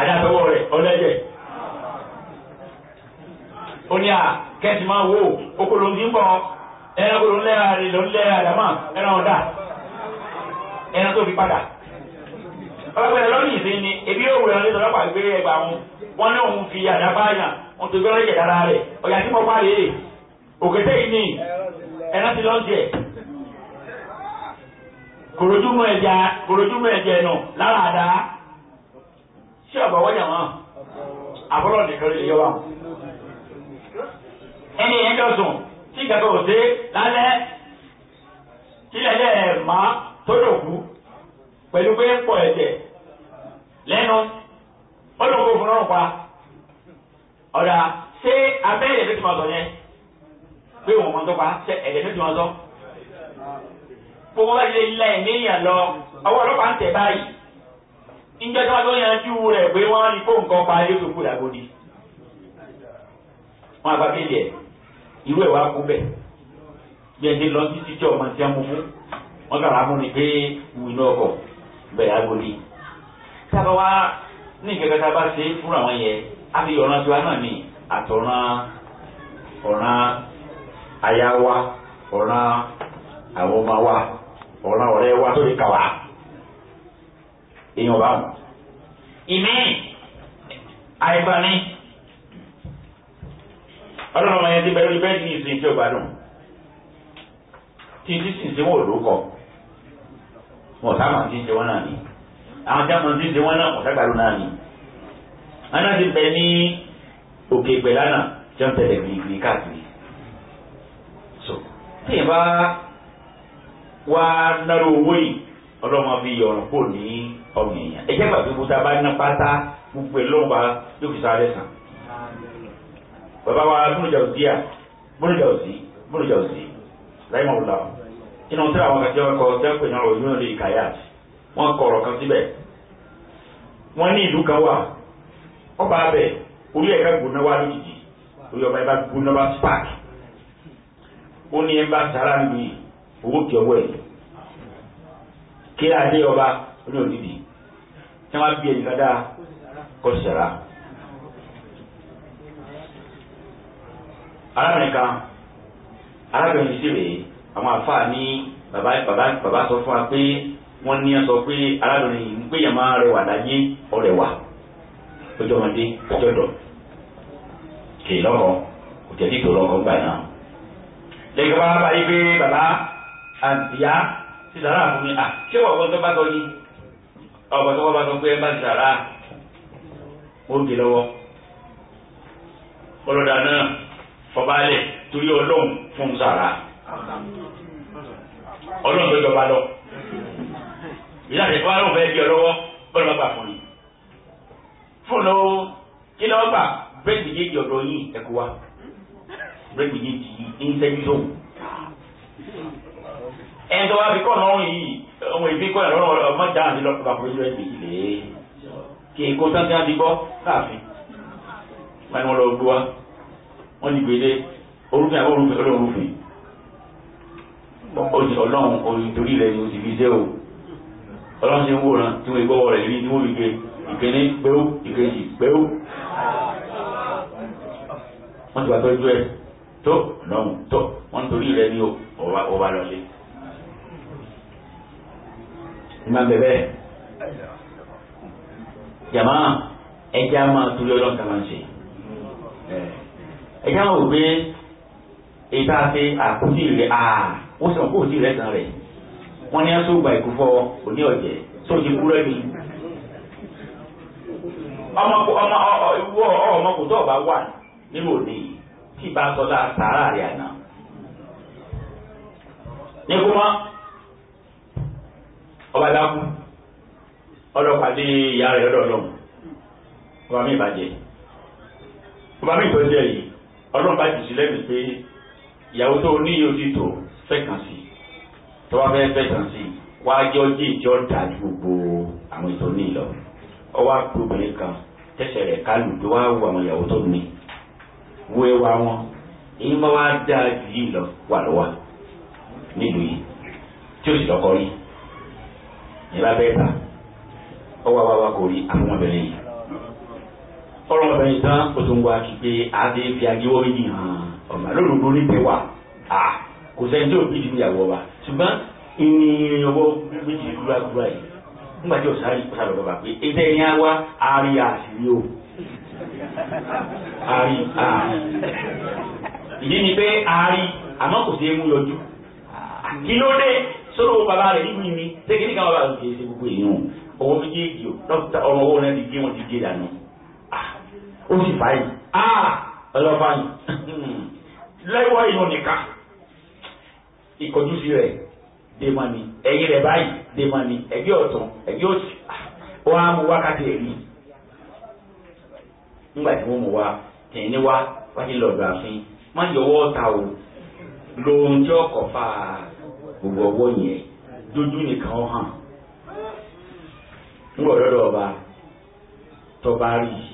àdàbẹ̀wọ̀ rẹ̀ ọlẹ́jẹ̀ ó ní à kẹ́sì máa wò okòló ń dín bọ̀ ẹranko ló ń lẹ́ra rẹ̀ ló ń lẹ́ra rẹ̀ mọ́ ẹran ọ̀dà ẹran tó fi padà. ọlọ́pàá lọ́nìí sí ni ebi yóò wúlò nítorí ọlọ́pàá gbé ẹgbà wọn wọn ní òun fi àdábáyà wọn tó gbọ́dọ̀ jẹ̀ dára rẹ̀ ọ̀yà tí mo bá rè é òkété yìí ni ẹran ti lọ́ọ́ jẹ. kòròdúmù ẹja kòròdúmù ẹjẹ nù lára àdá ṣé ọ̀bọ̀ wọ́jà wọn àbúrò nìkan lè yọ wa ẹni ẹjọ́ tí ìgbàgbọ́ kò sí lálẹ́ tílẹ̀ lẹ̀ má tó dòkú pẹ̀lú pé ń pọ̀ ẹ̀jẹ̀ lẹ́nu ó lóun kó fún ọrùn pa ọ̀dà ṣé abẹ́ ẹ̀jẹ̀ tó ti máa sọ yẹn pé òun máa tó pa ṣe ẹ̀jẹ̀ tó ti máa sọ gbogbo bá ilé ilé ìníyàn lọ ọwọ́ ọlọ́pàá ń tẹ̀ báyìí ìjọba tó wá tó yanjú rẹ̀ pé wọ́n á ní kó nǹkan pa ayé tó kú làgòdì wọn àgbà kéde ẹ̀ irú ẹ̀ wá kú bẹ̀ bí ẹni lọ sí tíjọ́ ọmọ tí a mú fún wọn kàrà mú ni pé wù iná ọkọ̀ bẹ̀rẹ̀ agolí sábà wá ní ìkẹ́kẹ́ tá a bá ṣe fúnra wọn yẹn á fi ọ̀ràn tiwa náà ní àtọ̀ràn ọ̀ràn aya wa ọ̀ràn àwọn ọmọ wa ọ̀ràn ọ̀rẹ́ wa tó lè kà wá èèyàn bá wọn. ìmí àìbáni ọlọ́run ọmọ yẹn ti bẹ́ẹ̀ rí bẹ́ẹ̀ ní ìsìn tí ó gbádùn tí tí sì ń ṣe wọn ò lókọ̀ wọn ò sábà ti ń ṣe wọn náà ni àwọn jáàmù ti ń ṣe wọn náà kò ságbàlú náà ni aná ti bẹ ní òkè ìpẹ́ lánàá tí wọ́n tẹ̀lé gbìngbìn káàkiri so tí ìbá wá náró owó yìí ọlọ́run fi yọ̀rùn kò ní ọmọ èèyàn ẹ̀jẹ̀ gbàgbé gbogbo bá ná pátá gbogbo ẹ̀ lọ́wọ́ bá yóò fi sáré sàn bàbá wa múnú jà òsì à múnú jà òsì múnú jà òsì láì mọ̀ lọ́wọ́ inú tí àwọn kàtí ọkọ̀ tẹ́kùn náà òyìnbó lè kàyà wọ́n kọ̀rọ̀ kan síbẹ̀ wọ́n ní ìlú kan wà ọba abẹ orí ẹ̀ka gbóná wá lójijì orí ọba ẹ̀ka gbóná wá spark ó ní ẹ̀ka sàrà lu owó kí ọwọ́ ẹ̀ kí adé ọba ó ní òdìdí tí wọ́n bí ẹ̀yìn dáadáa kọ́ sàrà. arábìnrin kan arábìnrin sì rèé àwọn àfáà ní bàbá bàbá bàbá sọ fún wa pé wọ́n ní sọ pé arábìnrin yìí ń péye máa rẹwà láyé ọrẹwà ọjọ́ ọmọdé ọjọ́ dọ̀ kì í lọ́kọ̀ kò tẹ̀lé ìtò lọ́kọ̀ gbà náà. lẹ́yìn bá bá yí pé bàbá àǹtíyá ti sàrà fún mi à ah, ṣé ọ̀gbọ́n tó bá tọ́ yìí ọ̀gbọ́n tó bá tọ́ pé ẹ bá ti sàrà ó gé lọ́wọ́ ọlọ́dà náà fọbalẹ̀ torí ọlọ́run fún sàrà ọlọ́run tó jọba lọ ìyá àti ìfọwọ́ ọlọ́run fẹ́ gbé ọ lọ́wọ́ bọ́lá bá gbà fún yìí fún ọ kí lọ́wọ́ gbà bírèkì méjèèjì ọ̀dọ̀ yìí ẹ̀kú wa bírèkì méjèèjì yìí ń sẹ́yìn tó ẹni tó wá fi kọ́ lọ́rùn yìí ọmọ ìbí kọ́ ẹ̀rọ ọmọ ìjà àti lọ́kùnrin àpò ìjọba ìgbè yìí lè kí èkó sáńtì àdìgbọ́ káàfin wọn ni wọn lọ gbó wa wọ́n ti gbélé orúfin àbọ̀ orúfin olóorúfin ọlọ́run orí rẹ̀ ni o ti fi ṣe o ọlọ́run ṣe ń wòran tí wọ́n gbọ́wọ́ rẹ̀ rí ní wọ́n fi gbé ìkíní pẹ́ó ìkejì pẹ́ó wọ́n ti wà tọ́jú ẹ̀ tó lọ́hùn tó wọ́n ń torí rẹ̀ ní ọba lọ́lé ìmọ̀ bẹ̀bẹ̀ jàmá ẹja máa torí ọlọ́run kan máa ń ṣe ẹ̀ ẹ̀yà wò pé ìta ṣe àkótì rẹ̀ à ó sì mọ̀ kó òtí rẹ̀ tán rẹ̀ wọ́n ní aṣọ ògbà ìkúfọ́ òní ọ̀jẹ̀ tó ti kú rẹ́mi. ọmọ ọmọ ìwọ ọmọ kò tó ọba wà nínú òde yìí tí ìbá sọ dáa sàárà rẹ̀ àná. ní kó mọ́ ọba dákú ọlọ́pàá dé ìyá rẹ̀ ọdọ̀ ọlọ́run ọba mi ìbàjẹ́ ọba mi ìtọ́jú yìí ọlọ́run bá jìjì lẹ́mìí pé ìyàwó tó ní iye ojú tó fẹ́ kàn sí tó bá fẹ́ fẹ́ kàn sí wá jẹ́ ọjọ́ ìjọ dà ju gbogbo àwọn ètò ní ìlọ ọwọ́ àpò obìnrin kan tẹ̀sẹ̀ rẹ̀ kálù pé wá wo àwọn ìyàwó tó ní wo ẹwà wọn èyí máa wá dáa jù yìí lọ wà lọ́wọ́ nílùú yìí tí ó sì lọ́kọ rí ìyẹn bá bẹ́ẹ̀ ta ọwọ́ àwa wa kò rí àwọn ọmọbìnrin yìí ọlọ́mọbìnrin tán o tún wá kí pé adé fi agéwọ́ méjì hàn ọ̀mà lódodo ní tẹ wà á kò sẹ́ni tí o bí ìdílé ìyàwó wa ṣùgbọ́n ìní ọwọ́ méjì kúrúwá kúrúwá yìí nígbà tí ọ̀sán yìí sàlọ̀ bàbá pé ètò ẹ̀yìn àwa àárí àṣírí o àárí àárí ìdí ni pé àárí àmọ́ kò sí émú yọjú kí ló dé sọ́dọ̀ bàbá rẹ̀ nínú ìní ṣé kí ní káwọn ṣe gbogbo èèyàn o lọ́kùtà ọ̀rọ̀ ó sì fàáyì ah! ah, ọlọ́fàáyì lẹ́wọ́ ìyọ̀ nìkan ìkọjúsí rẹ̀ dé mọ́ ni ẹ̀yìn rẹ̀ báyìí dé mọ́ ni ẹ̀gbẹ́ ọ̀tún ẹ̀gbẹ́ òsì ah, wọ́n á mú wákàtí ẹ̀rí nígbà tí wọ́n mú wa tẹ̀yìn ní wa wájú lọ́dọ̀ àfin má yọwọ́ ta o lóhun tí ọkọ̀ fà á gbogbo ọwọ́ yẹn dúdú nìkan hàn ń gbọ́dọ̀ ọba tọba rí i.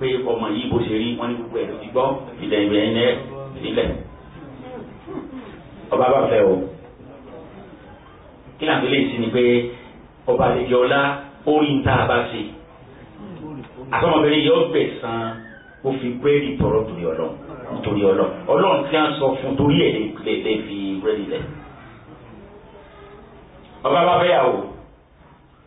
pé ọmọ yìí bó ṣe rí wọn ní gbogbo ẹ̀ ló ti gbọ́ ìdẹ̀ ọba bá fẹ́ o kí làǹdí lè sí ni pé ọba àlejò ọlá orí ń tá a bá ṣe àtọmọbìnrin yóò gbẹ̀sán ó fi búrẹ́dì tọrọ torí ọlọ́run nítorí ọlọ́run ọlọ́run tí a ń sọ fún torí ẹ̀ lè fi búrẹ́dì lẹ̀ ọba bá fẹ́ yà o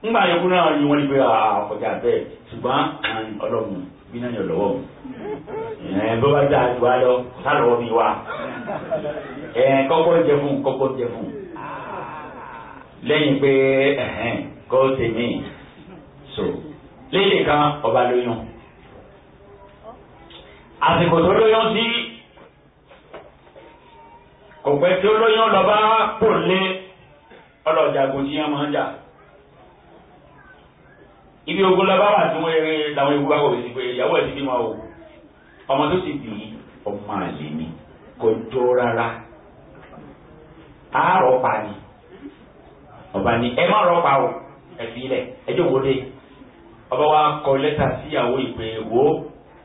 ńgbà yòókù náà ni wọ́n ní pé ọkọjà bẹ́ẹ̀ ṣùgbọ́n ọlọ́run bí náà yọ lọ́wọ́ ẹ bó bá dà wá lọ sálọ́wọ́ mi wá ẹ kọ́kọ́ jẹ fún kọ́kọ́ jẹ fún lẹ́yìn pé ẹ̀hẹ́n kó tèmi so lẹ́yìn kan ọba lóyún àsìkò tó lóyún sí kò pẹ́ tí lóyún lọ́ba pò lé ọlọ́jà gòjì máa ń jà ibi ogun lọ bá wà tí wọ́n eré làwọn ewu báwọ̀ sí pé ìyàwó ẹ̀ ti bímọ o ọmọ tó sì bì í ọmọ àlè ni kò jọ rárá àárọ̀ pa ni ọba ni ẹ má rọ̀ pa o ẹ fi lẹ̀ ẹ jẹ́ wo dé ọba wa kọ lẹ́tà síyàwó ìpè wo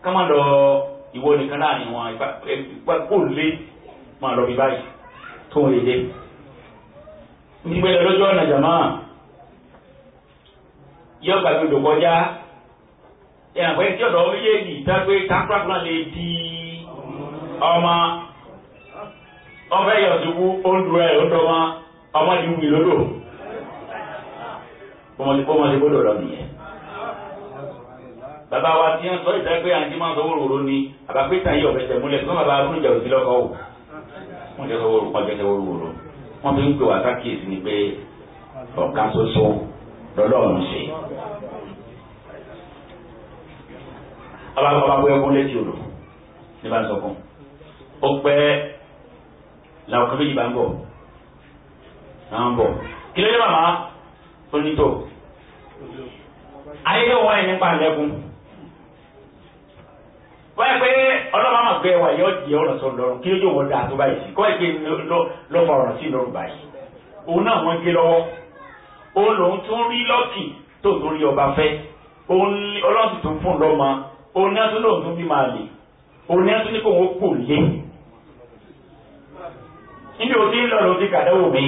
ká má lọ ìwọ nìkan láàrin wọn ìpa kò lé máa lọ bí báyìí tó ń lè dé nígbẹ́ lọ́jọ́ ọ̀nà jàmáà yóò gbàgbé odò kọjá ìyàgbẹ́ tí ọ̀dọ́ méjèèjì tágbé tápákùnà lè di ọmọ ọbẹ̀ yọ̀dùkú oúnjẹ rẹ̀ lọ́dọ̀ ọmọ ọmọ ti wù lódò ọmọ ti gbọ́dọ̀ lọ nìyẹn. bàbá wa ti ń sọ ìdágbé àti máa ń sọ wòrò ni àbápẹ́tà yìí ọ̀bẹ tẹ̀ múlẹ̀ fún bàbá abúlùjà òsì lọ́kọ̀ o wọ́n jẹ́ sọ wòrò wọ́n jẹ́ sọ wòrò wòrò wọ́n fi ń pè wá sákìsì ni pé ọ̀kan ṣoṣo lọ́lọ́run ṣe. abáwọ̀ abáwọ̀ ẹkún létí odò ní bá ń sọkún ó pẹ́ làwọn kan méjì bá ń bọ̀ àwọn bọ̀ kí ló dé màmá onítò ayé wọn yẹn nípa lẹ́kún wọ́n yẹ pé ọlọ́mọ àmọ̀ pé wà yọ jẹ́ ọ̀rọ̀ sọ lọ́rùn kí ló dé wọn dáa tó báyìí sí kọ́ ẹ̀ pé lọ́fọ̀ ọ̀rọ̀ sí lọ́rùn báyìí òun náà wọ́n gé lọ́wọ́ òun lòun tún rí lọ́kì tó tún rí ọba fẹ́ òun ọlọ́run sì tún fún lọ́mọ òun ní ẹtún lòun tún bí máa lè òun ní ẹtún ní kò wọ́n kò lé níbi òun ń lọ lòun ti kàdáwò mi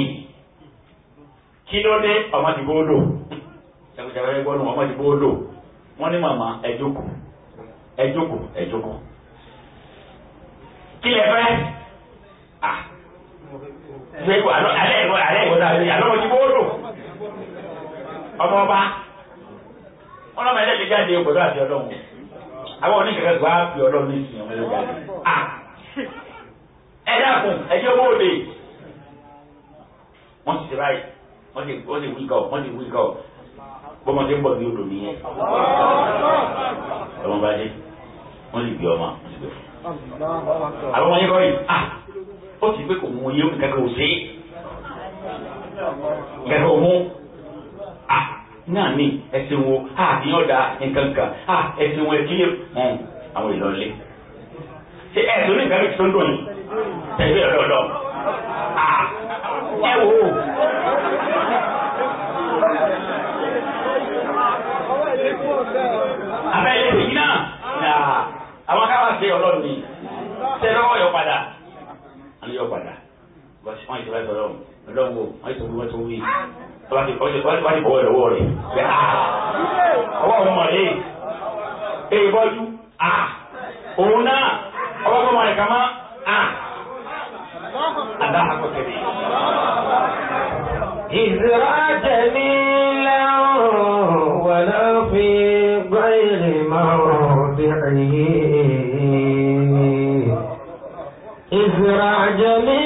kí ló dé ọmọ lò jagunjagun ẹgbẹ́ ọdún lò wọ́n ní màmá ẹ jókòó ẹ kí lè fẹ́ ah alẹ́ ìwọ alẹ́ ìwọ alẹ́ ìwọ náà alẹ́ lò ọmọ ọba wọn lọ́mọ ẹ̀dẹ́ ti jáde pẹ̀lú àti ọlọ́run àwọn oníkẹ̀kẹ́ tó wá pè ọlọ́run ní ìsìn ọmọ ẹ̀dẹ́ jáde ẹ dákun ẹ jẹ́ owó òde wọ́n ti ti báyìí wọ́n ti wọ́n ti wí gọ̀ wọ́n ti wí gọ̀ bọ́mọ tí ń bọ̀ ní odò nìyẹn ọmọ bá dé wọ́n lè gbé ọmọ wọ́n ti gbé fún àwọn ọmọ yẹn kọ́ yìí ó ti gbé kò mú oyé ó ti kẹ́kọ̀ọ́ sí Ah, náà ní ẹ̀sìn wo àbí ah, ọ̀dà nǹkan kan ah, ẹ̀sìn wo ẹ̀kílẹ̀ mọ́ àwọn ìlọlé ṣe ẹ̀sìn ní ìgbàlódé tó ń dùn yìí ẹ̀gbẹ́ ọ̀dọ̀ ẹ wò ó. abẹ́lé èyí náà náà àwọn akáwà ṣe ọlọ́run ni ṣe lọ́wọ́ yọ padà àlọ́ yọ padà wọ́n yìí tó bá sọ̀rọ̀ ọlọ́run wo wọ́n yìí tó wọ́n tó wí wọ́n ti bọ̀wọ̀ lọ́wọ́ rẹ̀ bẹ́ẹ̀ ọwọ́ òun mọ̀ lé èyí bọ́jú òun náà ọwọ́ tó mọ̀ rẹ̀ kàmá aláhàkọ́ tẹ̀lé. ìzìrà jẹ̀mí lẹ́rùn wọ̀lá fi gbọ́ ìrìn márùn-ún bí ẹ̀yìn. ìzìrà jẹ̀mí.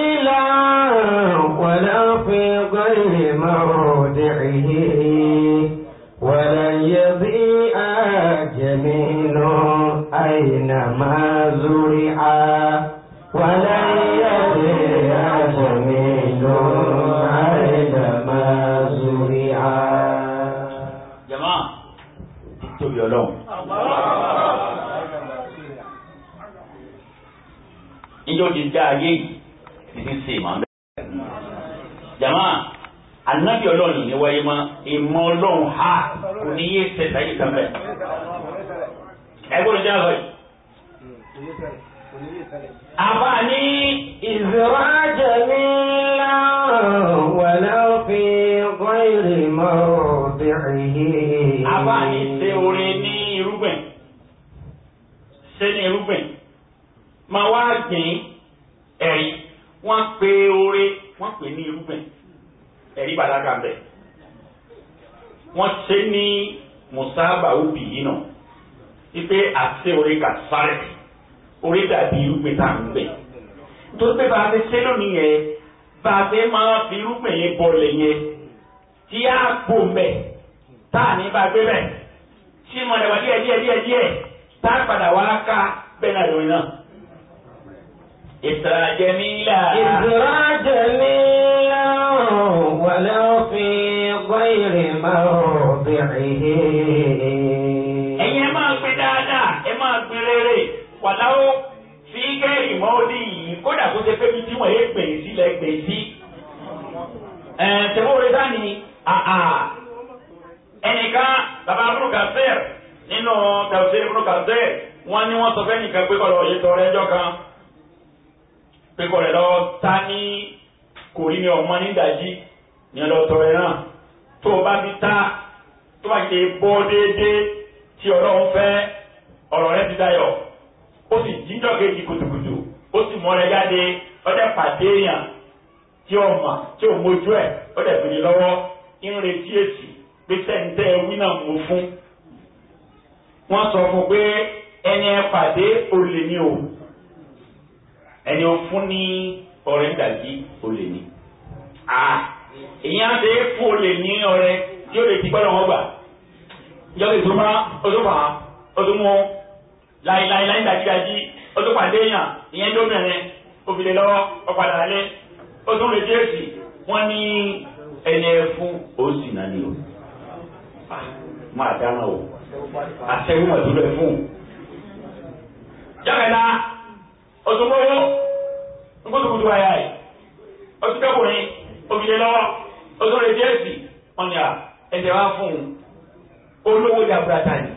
ولا في غير موضعه ولن يضيء جميل أينما زرع ولن يضيء جميل أينما زرع جماعة tóbi ọlọ́run. níjọ́ ti dá ayé yìí ti ń ṣe jama anabi Ọlọ́run ni wáyé ma ìmọ̀ Ọlọ́run ha kò ní yé sẹta yìí kan bẹ ẹgbẹ̀rún jẹ àlọ yìí. àbá ní ìzìrájà mi là wà láàfin gbọ́ìrì mọ́rọ̀ bẹ̀rẹ̀. àbá ní ṣe orin ní irúgbìn ṣe ní irúgbìn máa wá gbìn ẹ̀rí wọ́n pe orin wọ́n pè ní irúgbìn ẹ̀rí bàlágà bẹ̀ wọ́n ṣe ní musaba òbí yìí nà ipe àti orí kà sáré orí dàbí irúgbìn tá à ń bẹ̀ nítorí pé bá a ti ṣe lónìí yẹn bá a ti máa fi irúgbìn yẹn bọ̀lẹ̀ yẹn tí a gbò mbẹ̀ tá à ní bá bẹ̀ tí mo dàgbà díẹ̀ díẹ̀ díẹ̀ díẹ̀ tá a padà wá ká bẹ́ẹ̀ náà lórí náà. إسرى جميلا إسرى جميلا ولو في غير موضعه أي ما بدادا إما بريري ولو في غير موضعه kódà kó ṣe pé bí tí wọ́n yé gbè sí lẹ gbè sí. tẹ̀wọ́ rẹ sáà ni ẹnìkan bàbá abúlé kàfẹ́ẹ̀ nínú kàfẹ́ẹ̀ abúlé kàfẹ́ẹ̀ wọ́n ní wọ́n sọ fẹ́ nìkan pé kọ́ lọ́ọ́ yé tọrẹ ẹjọ́ kan pé kọ́ rẹ̀ lọ ní kò rí ni ọmọ nídàájí ni ọlọ́ tọrọ ẹran tó o bá fi ta tó bá ṣe bọ́ déédéé tí ọlọ́run fẹ́ ọ̀rọ̀ rẹ ti dayọ̀ ó sì jíjọ́ kejì kùtùkùtù ó sì mọ́ rẹ jáde ọjọ́ pàdé èèyàn tí ó mà tí ó mójú ẹ̀ ó dẹ̀ ní lọ́wọ́ ń retí èsì pé sẹ́ńtẹ́ wí náà mú fún wọ́n sọ fún pé ẹni ẹ pàdé olè ni o ẹni o fún ní ọrẹ ìdàgí o lè ní. ìyẹn àti fún o lè ní ọrẹ yóò lè ti gbọ́dọ̀ wọn gbà yóò lè tó má ọdún fà á ọdún mú láìláì láì dàgídàgí ọdún èèyàn ìyẹn lóbìnrin obìnrin lọ́wọ́ ọ̀padà alẹ́ ọdún lè dé èsì wọ́n ní ẹni ẹ fún náà ni o máa dáná o àṣẹ tó lẹ fún. jákèjá oṣù mọ́wọ́ nkútukùtù ayá yìí oṣù kẹkùnrin obìnrin lọ́wọ́ oṣù rẹ̀ jẹ́ẹ̀sì ọ̀nà ẹ̀jẹ̀ wá fún un olówó jaburata ni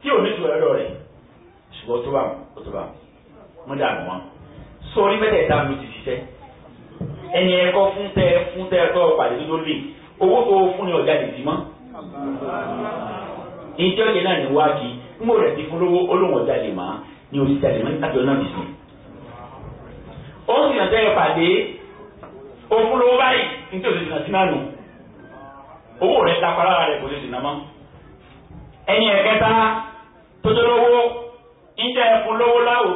tí o ní ju ẹ̀rọ rẹ̀ ṣùgbọ́n tó bá ó tó bá mú dànù wọn sórí mẹ́tẹ̀ẹ̀ta mi ti ṣiṣẹ́ ẹni ẹ̀kọ́ fún tẹ fún tẹ ẹ̀kọ́ pàdé tó lè owó tó fún ni ọ̀jà lè ti mọ́ ìjọ́jẹ náà ni wá kí n mò rẹ̀ ti fún lówó olóhùn ọ̀jà lè máa ní orí jáde ní àjọ náà nìsín. ó sì nà sẹ́yìn pàdé òfin ló báyìí ní tí o lè dìnnà sí náà nù owó rẹ̀ ta parára rẹ̀ kò lè dìnnà mọ́. ẹ̀yin ẹ̀kẹta tójó lówó ń jẹ́ ẹ̀fún lówó láwò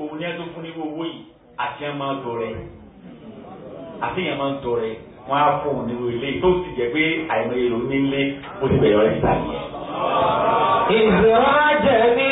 òun ni ẹ tó fún ní owó yìí àti ẹ̀ máa ń tọrẹ àti ẹ̀ máa ń tọrẹ wọn á fún un nínú ilé tó sì jẹ́ pé àìmọye ló ní ilé ó ti bẹ̀rẹ̀ ọ̀rẹ́ ìta nìyẹn. ìzìrọ̀ jẹ̀bi.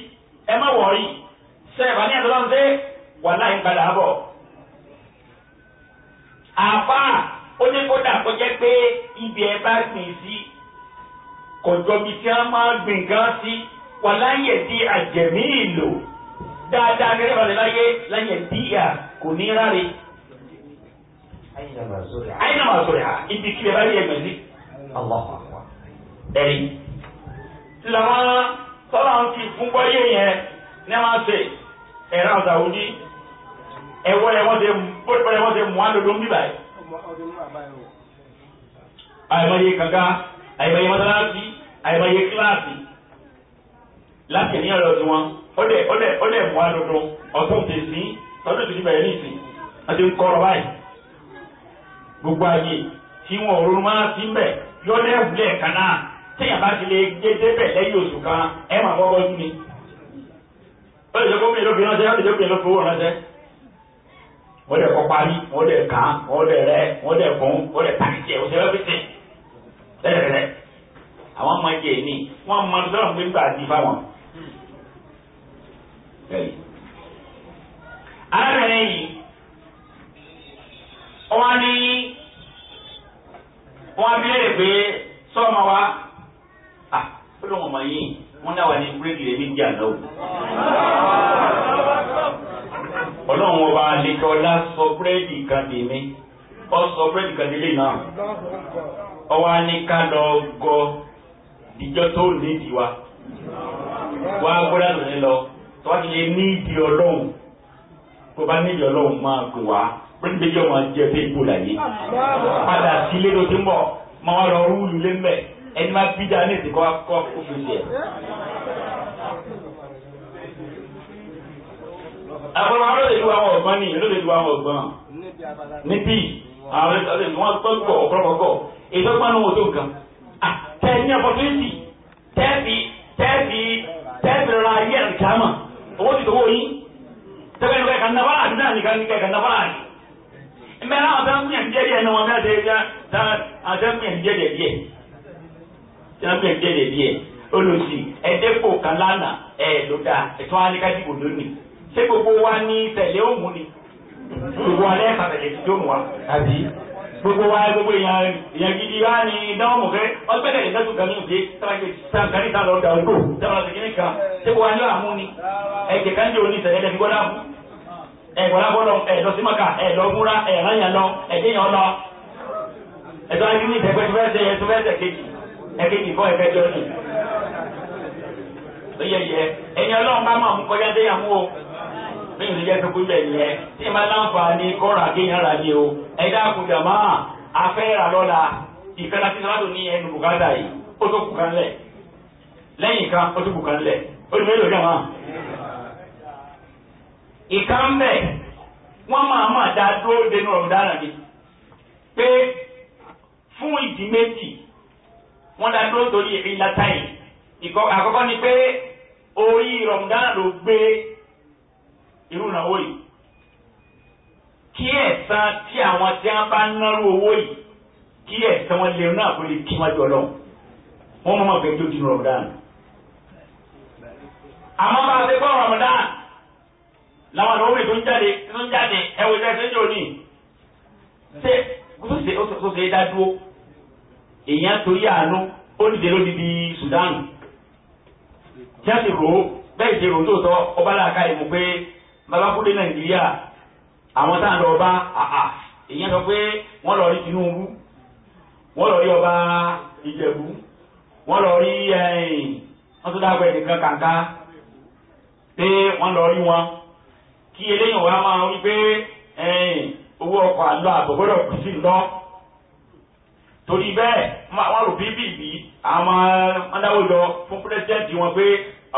ẹ má wọ̀ọ́rí sẹ́ẹ̀bà ní àtọ́lọ́run ṣe wà láì padà bọ̀. àfa ó ní kódà kó jẹ́ pé ibi ẹ bá gbìn sí kò jọ bí tí wọ́n máa gbìn gan sí wà láyè di àjẹmí ìlò dáadáa gẹ́gẹ́ bá ti láyé láyè díyà kò ní ráre. àyìnà máa sọ̀rọ̀ yà ibi kí bá yẹ gbẹ̀sí. ẹ̀rí làwọn tọ́lá ń fi fún gbọ́ yé yẹn ní máa ṣe ẹ̀rọ àwùjáwùjí ẹ̀wọ́ ẹ̀ wọ́n ṣe bóyá wọ́n ṣe mú àlòló ń bíbà ẹ̀. àìmọye kànga àìmọye mọ́tàláàsì àìmọye kíláàsì láti ní ọ̀rọ̀ tí wọn ó dẹ̀ ó dẹ̀ ó dẹ̀ mú àlòló ọ̀tún ti sí tọ́jú ìtújú bẹ̀rẹ̀ ní ìsìn wọ́n ti báyìí gbogbo ayé tí wọn ò máa ti ń bẹ̀ yọ téèyàn bá ti lè gé débẹ̀ lẹ́yìn oṣù kan ẹ máa bọ́ ni ó lè jẹ́ mìíràn fi ránṣẹ́ ó lè jẹ́ kó mìíràn fowó ránṣẹ́ wọ́n dẹ̀ kọ́ parí wọ́n dẹ̀ kàn wọ́n dẹ̀ rẹ́ wọ́n dẹ̀ kún wọ́n dẹ̀ tàkìtì ọ̀sẹ̀ ọ́fíìsì lẹ́rẹ̀rẹ̀ àwọn ọmọ ẹ̀jẹ̀ ni wọ́n mọ lọ́rùn pé nígbà tí fáwọn. arábìnrin yìí wọ́n ní wọ́n bí lè pé sọ́ọ̀mọ́ wa ó lóun ọmọ yìí wọ́n náà wà ní bírèkì lè ní ìjà náà o. ọlọ́run ọba àlejòọlá sọ bírèkì kan dè mí ọ sọ bírèkì kan délé náà ọwọ́ á ní ká lọ gọ ìjọ tó nídìí wa wá gbọ́dọ̀ lónìí lọ tọ́wọ́ ti lè nídìí ọlọ́run tó bá nídìí ọlọ́run máa gùn wá bẹ́ẹ̀ bẹ́ẹ̀ jọ jẹ fún ipò láyé padà sílé ló ti ń bọ̀ máa lọ rúùlù lé mbẹ́ ẹni máa bí dáa ní èsì kọ́ kọ́ òfin tiẹ̀. àpamọ́ àwọn olóde ìlú àwọn ọ̀gbọ́n ni olóde ìlú àwọn ọ̀gbọ́n níbí àwọn olóde ìlú wọn gbọ́ ọ̀pọ̀lọpọ̀ ìdọ́gbọ́n náà wò tó nǹkan tẹ̀ ní ọ̀pọ̀túnìtì tẹ́ẹ̀fì tẹ́ẹ̀fì tẹ́ẹ̀fì rọra ayé àlùkámà owó ti dòwó yín tẹ́ẹ̀fì nípa ẹ̀ka nàfà àti náà nìkan nìkan ẹ̀ka nàfà àti. mẹ́rin àwọn tẹ́ẹ̀fì yẹn díẹ̀ díẹ̀ náà wọn bẹ́ẹ̀ tẹ́ẹ̀fì yẹn díẹ̀ díẹ̀ yàtọ̀ ẹ̀jẹ̀ rẹ̀ bí ẹ̀ olùsì ẹ̀dẹ́pọ̀ kan lánàá ẹ̀ ló dáa ẹ̀tọ́ alikadìbò lónìí ṣé gbogbo wa ní tẹ̀lé òun ni gbogbo alẹ́ kàtàkì ti dóhùn wa àbí gbogbo wa gbogbo èèyàn èèyàn gidi wa ni dáwọn mọ̀fẹ́ ọgbẹ́lẹ̀ ìdájọ́ kan ní òde sábàkì sàǹkàní ta lọ da odò sábàkì kìíní kan ṣé gbogbo alẹ́ àmú ni ẹ̀jẹ̀ kan jẹ́ oníṣẹ̀lẹ̀ ẹ̀jẹ̀ gbọ́dọ̀ àbú ẹ̀gbọ́dọ̀ gbọ́dọ̀ ẹ̀lọ sí màkà ẹ̀kejì fún ẹ̀fẹ́ jọ nù. ó yẹ yẹ ẹ̀yin ọlọ́run bá máa mú kọjá déyàwó o bí ìlú jẹ́ tuntun bẹ̀ yẹ tí ìmọ̀ láǹfààní kọ́ra kéèyàn rà ní o ẹ̀dá àkùjà máa afẹ́ rà lọ́la ìfẹ́ra tí sábà tó ní ẹnu bùkátà yìí ó tó kù kan lẹ̀ lẹ́yìn kan ó tó kù kan lẹ̀ ó lè mélòó jàmá. ìka ń bẹ̀ wọ́n máa máa dá dúró dénú ọ̀rọ̀ dáná ni pé fún ìdí méjì wọ́n dá dúró torí èmi látàyè àkọ́kọ́ ni pé orí rọ̀mùdán ló gbé irú ìrànwọ́ yìí kí ẹ̀san tí àwọn tí wọ́n bá náró owó yìí kí ẹ̀san wọn lè náà kó lè kí wọ́n jọ lọ́wọ́ wọ́n mọ̀ mọ̀ bẹ́ẹ̀ tó di rọ̀mùdán. àmọ́ bá a ṣe gbọ́ rọ̀mùdán làwọn àwọn òwe tó ń jáde tó ń jáde ẹ̀wọ̀n ìjà ìṣẹ́jọ́ ni ṣé kó tó ṣe é dá dúró. èèyàn torí àánú ó dìde Sudan tí a ti bẹ́ẹ̀ ti rò ó tóòtọ́ ọba làákà ìmú pé babakúndé Nàìjíríà àwọn tá à ń lọ ọba àà èèyàn sọ pé wọ́n lọ rí Tinubu wọ́n lọ rí ọba Ìjẹ̀bú wọ́n lọ rí wọ́n tó kàńká pé wọ́n lọ rí wọn kí máa wí pé owó torí bẹ́ẹ̀ wọ́n rò bíbí yìí àwọn adáwọ̀jọ fún pírẹsidẹ́ǹtì wọn pé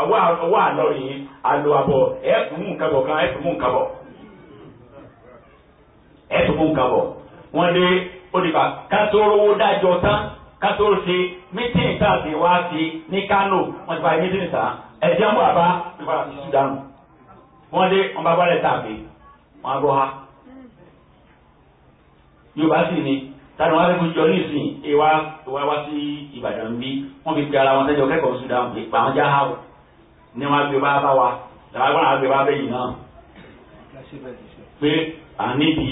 ọwọ́ àlọ́ yìí àlọ́ àbọ̀ ẹ̀ẹ́dùn mú nǹkan bọ̀ kan ẹ̀ẹ́dùn mú nǹkan bọ̀ ẹ̀ẹ́dùn mú nǹkan bọ̀ wọ́n dé olùkà kátó rówó dájọ́ tán kátó ṣe mítìn káàdì wá sí ní Kánò wọ́n ti parí mítìn tán ẹ̀jẹ̀ ń bọ̀ àbá nípa Sudan wọ́n dé wọn bá bá rẹ̀ tàbí wọ́n á bọ́ ni táwọn wá fẹ́ẹ́ jọ nísìn ìwà ìwà wá sí Ìbàdàn bí wọ́n fi pe ara wọn sẹ́jọ́ kẹ́kọ̀ọ́ Sudan pé pa àwọn já ha o ní wọ́n á gbé bá wa làwọn àgbọn àgbẹ̀ bá bẹ́yìn náà pé àníbi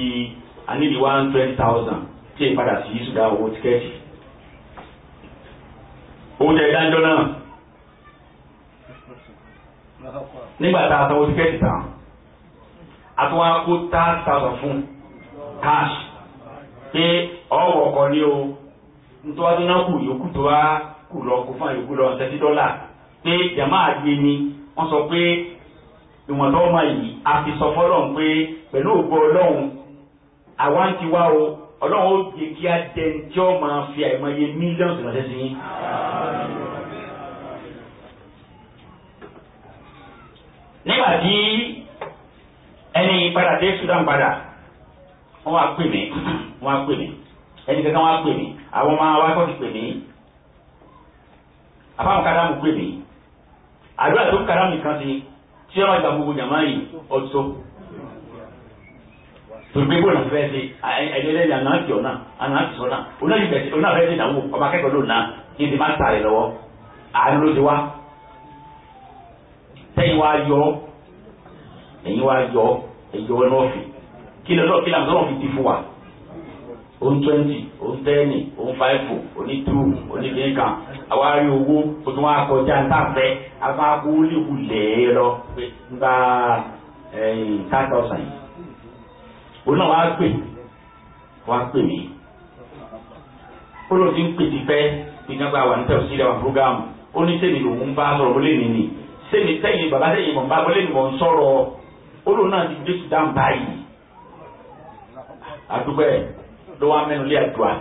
àníbi one twenty thousand tí ì padà sí Sudan owó tíkẹ́ẹ̀tì owó jẹ́ ìdájọ́ náà nígbà tá a sanwó tíkẹ́ẹ̀tì tán a tún wá kó tá a sàbà fún cash pé ọwọ́ kọ ní o nítorí wàá dúná kù yòókù tó wá kù lọ kó fún àyòkù lọ thirty dollar pé jama àdìẹ ni wọ́n sọ pé ìwọ̀n tó máa yìí a ti sọ fọlọ́run pé pẹ̀lú ògbó ọlọ́run àwa ń ti wá o ọlọ́run ó di kí á dẹni tí ó máa fi àìmọye mílíọ̀nù tó lọ́sẹ̀ sí yín. nígbà tí ẹni padà dé Sudan padà wọ́n wá pè mí wọ́n wá pè mí ẹnì kankan wá pè mí àwọn ọmọ wa kọ́ ti pè mí àbáwọn kàdámù pè mí àdúrà tó kàdámù kan ti tí wọ́n gba gbogbo jàmá yìí ọ̀tọ̀ tòlùgbé bò náà fẹ́ẹ́ ṣe ẹ̀ẹ́dẹ́gbẹ̀rẹ́ àná ti ọ̀nà àná ti sọ̀nà onáyìnbẹ̀sẹ̀ onáfẹ́ẹ́ ṣe ìdánwò ọba akẹ́kọ̀ọ́ lónà kí n ti máa ń tààrẹ̀ lọ́wọ́ àánú ló ti wá tẹ́yìn wá yọ ẹ̀yìn wá yọ ẹ̀yọ náà fìí kí lọ́dọ̀ kí làwọn ọlọ́run fi ti fún wa òun twenty òun ten òun five òní two òní kéka àwa rí owó o tún wá kọjá ń tàfẹ́ àbá kó léwu lẹ́ẹ̀ lọ pé ń bá ten thousand yìí òun náà wá pè wá pè mí ó lóun ti ń pè ti pẹ́ ìjọba àwọn àti tẹ̀sí ìdáwà programu ó ní sẹ́ni lòun bá sọ̀rọ̀ wọlé nìyí sẹ́ni sẹ́yìn bàbá sẹ́yìn mọ̀ ń bá wọlé nìyí sọ̀rọ̀ ó náà ti dé Sudan báyìí àdúgbò ẹ̀ ló wá mẹ́nu lé àdúrà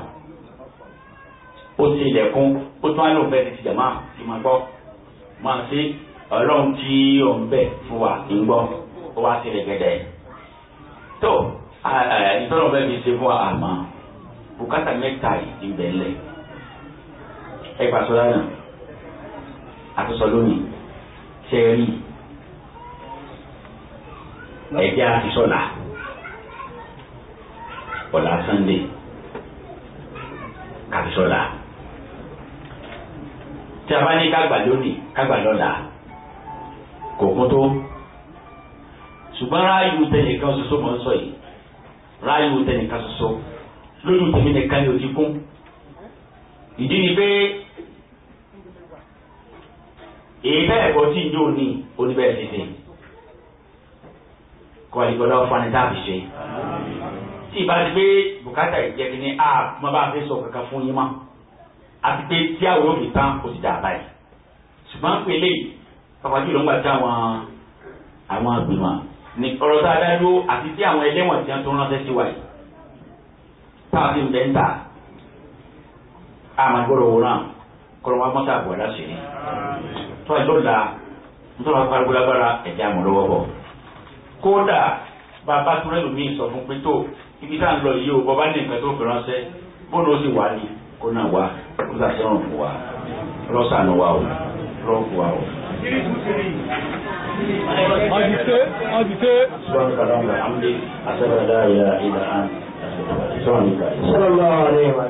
ó ti ilẹ̀kùn ó tún á lò bẹ́ẹ̀ ní ti jàmá ti máa gbọ́ máa ṣe ọlọ́run tí ò ń bẹ̀ fún wa ń gbọ́ ó wá sí ẹ̀gẹ́dẹ́ tó ìtọ́nà bẹ́ẹ̀ mi ṣe fún wa àmọ́ bùkátà mẹ́ta yìí ń bẹ̀ lẹ̀ ẹ gbà sọ lánàá àtúnṣọ lónìí ṣe rí ẹ̀jẹ̀ àti sọ̀la ọ̀la sunday kàtúnṣọ́la tí a bá ní kágbà lónìí kágbà lọ́la kò kún tó ṣùgbọ́n ráàyù tẹnìkan ṣoṣo mọ̀ ń sọ yìí ráàyù tẹnìkan ṣoṣo lójú tèmi nìkan ni ò ti kún ìdí ni pé èyí bẹ́ẹ̀ kọ́ tí ìjọ ní oníbẹ̀rẹ̀ ṣiṣẹ́ kọ́ àdìgbọ́dá ọ̀fọ̀ tí ìbá ti pé bùkátà ìjẹbi ni a mọ bá a fẹ́ sọ kankan fún yín mọ́ àti pé tí àwọn òbí tán kò ti dà báyìí ṣùgbọ́n pé eléyìí pàpàjù ló ń gbà tí àwọn àwọn àgbìmọ̀ ní ọ̀rọ̀ tá a dá dúró àti tí àwọn ẹlẹ́wọ̀n tí wọ́n tó ránṣẹ́ sí wa yìí tá a fi ń bẹ́ ń tà àmàgbọ́dọ̀ wòran kọ́ra wa mọ́tà àbọ̀ aláṣẹ́ni tó ẹ̀ lọ́la nítorí wọn parí gbọ́dọ̀ agbára ẹ̀jẹ̀ àmọ̀ lọ́wọ́ bọ̀ kódà bàbá tó sọ fún pé tó ibi tá à ń lọ yìí o bọba ní nǹkan tó fi ránṣẹ́ bóun ó sì wá ní kó náà wá kó tà sẹ́wọ̀n fún wa lọ́sàánú wa o lọ́ọ̀fù wa o. ọ̀dìtẹ́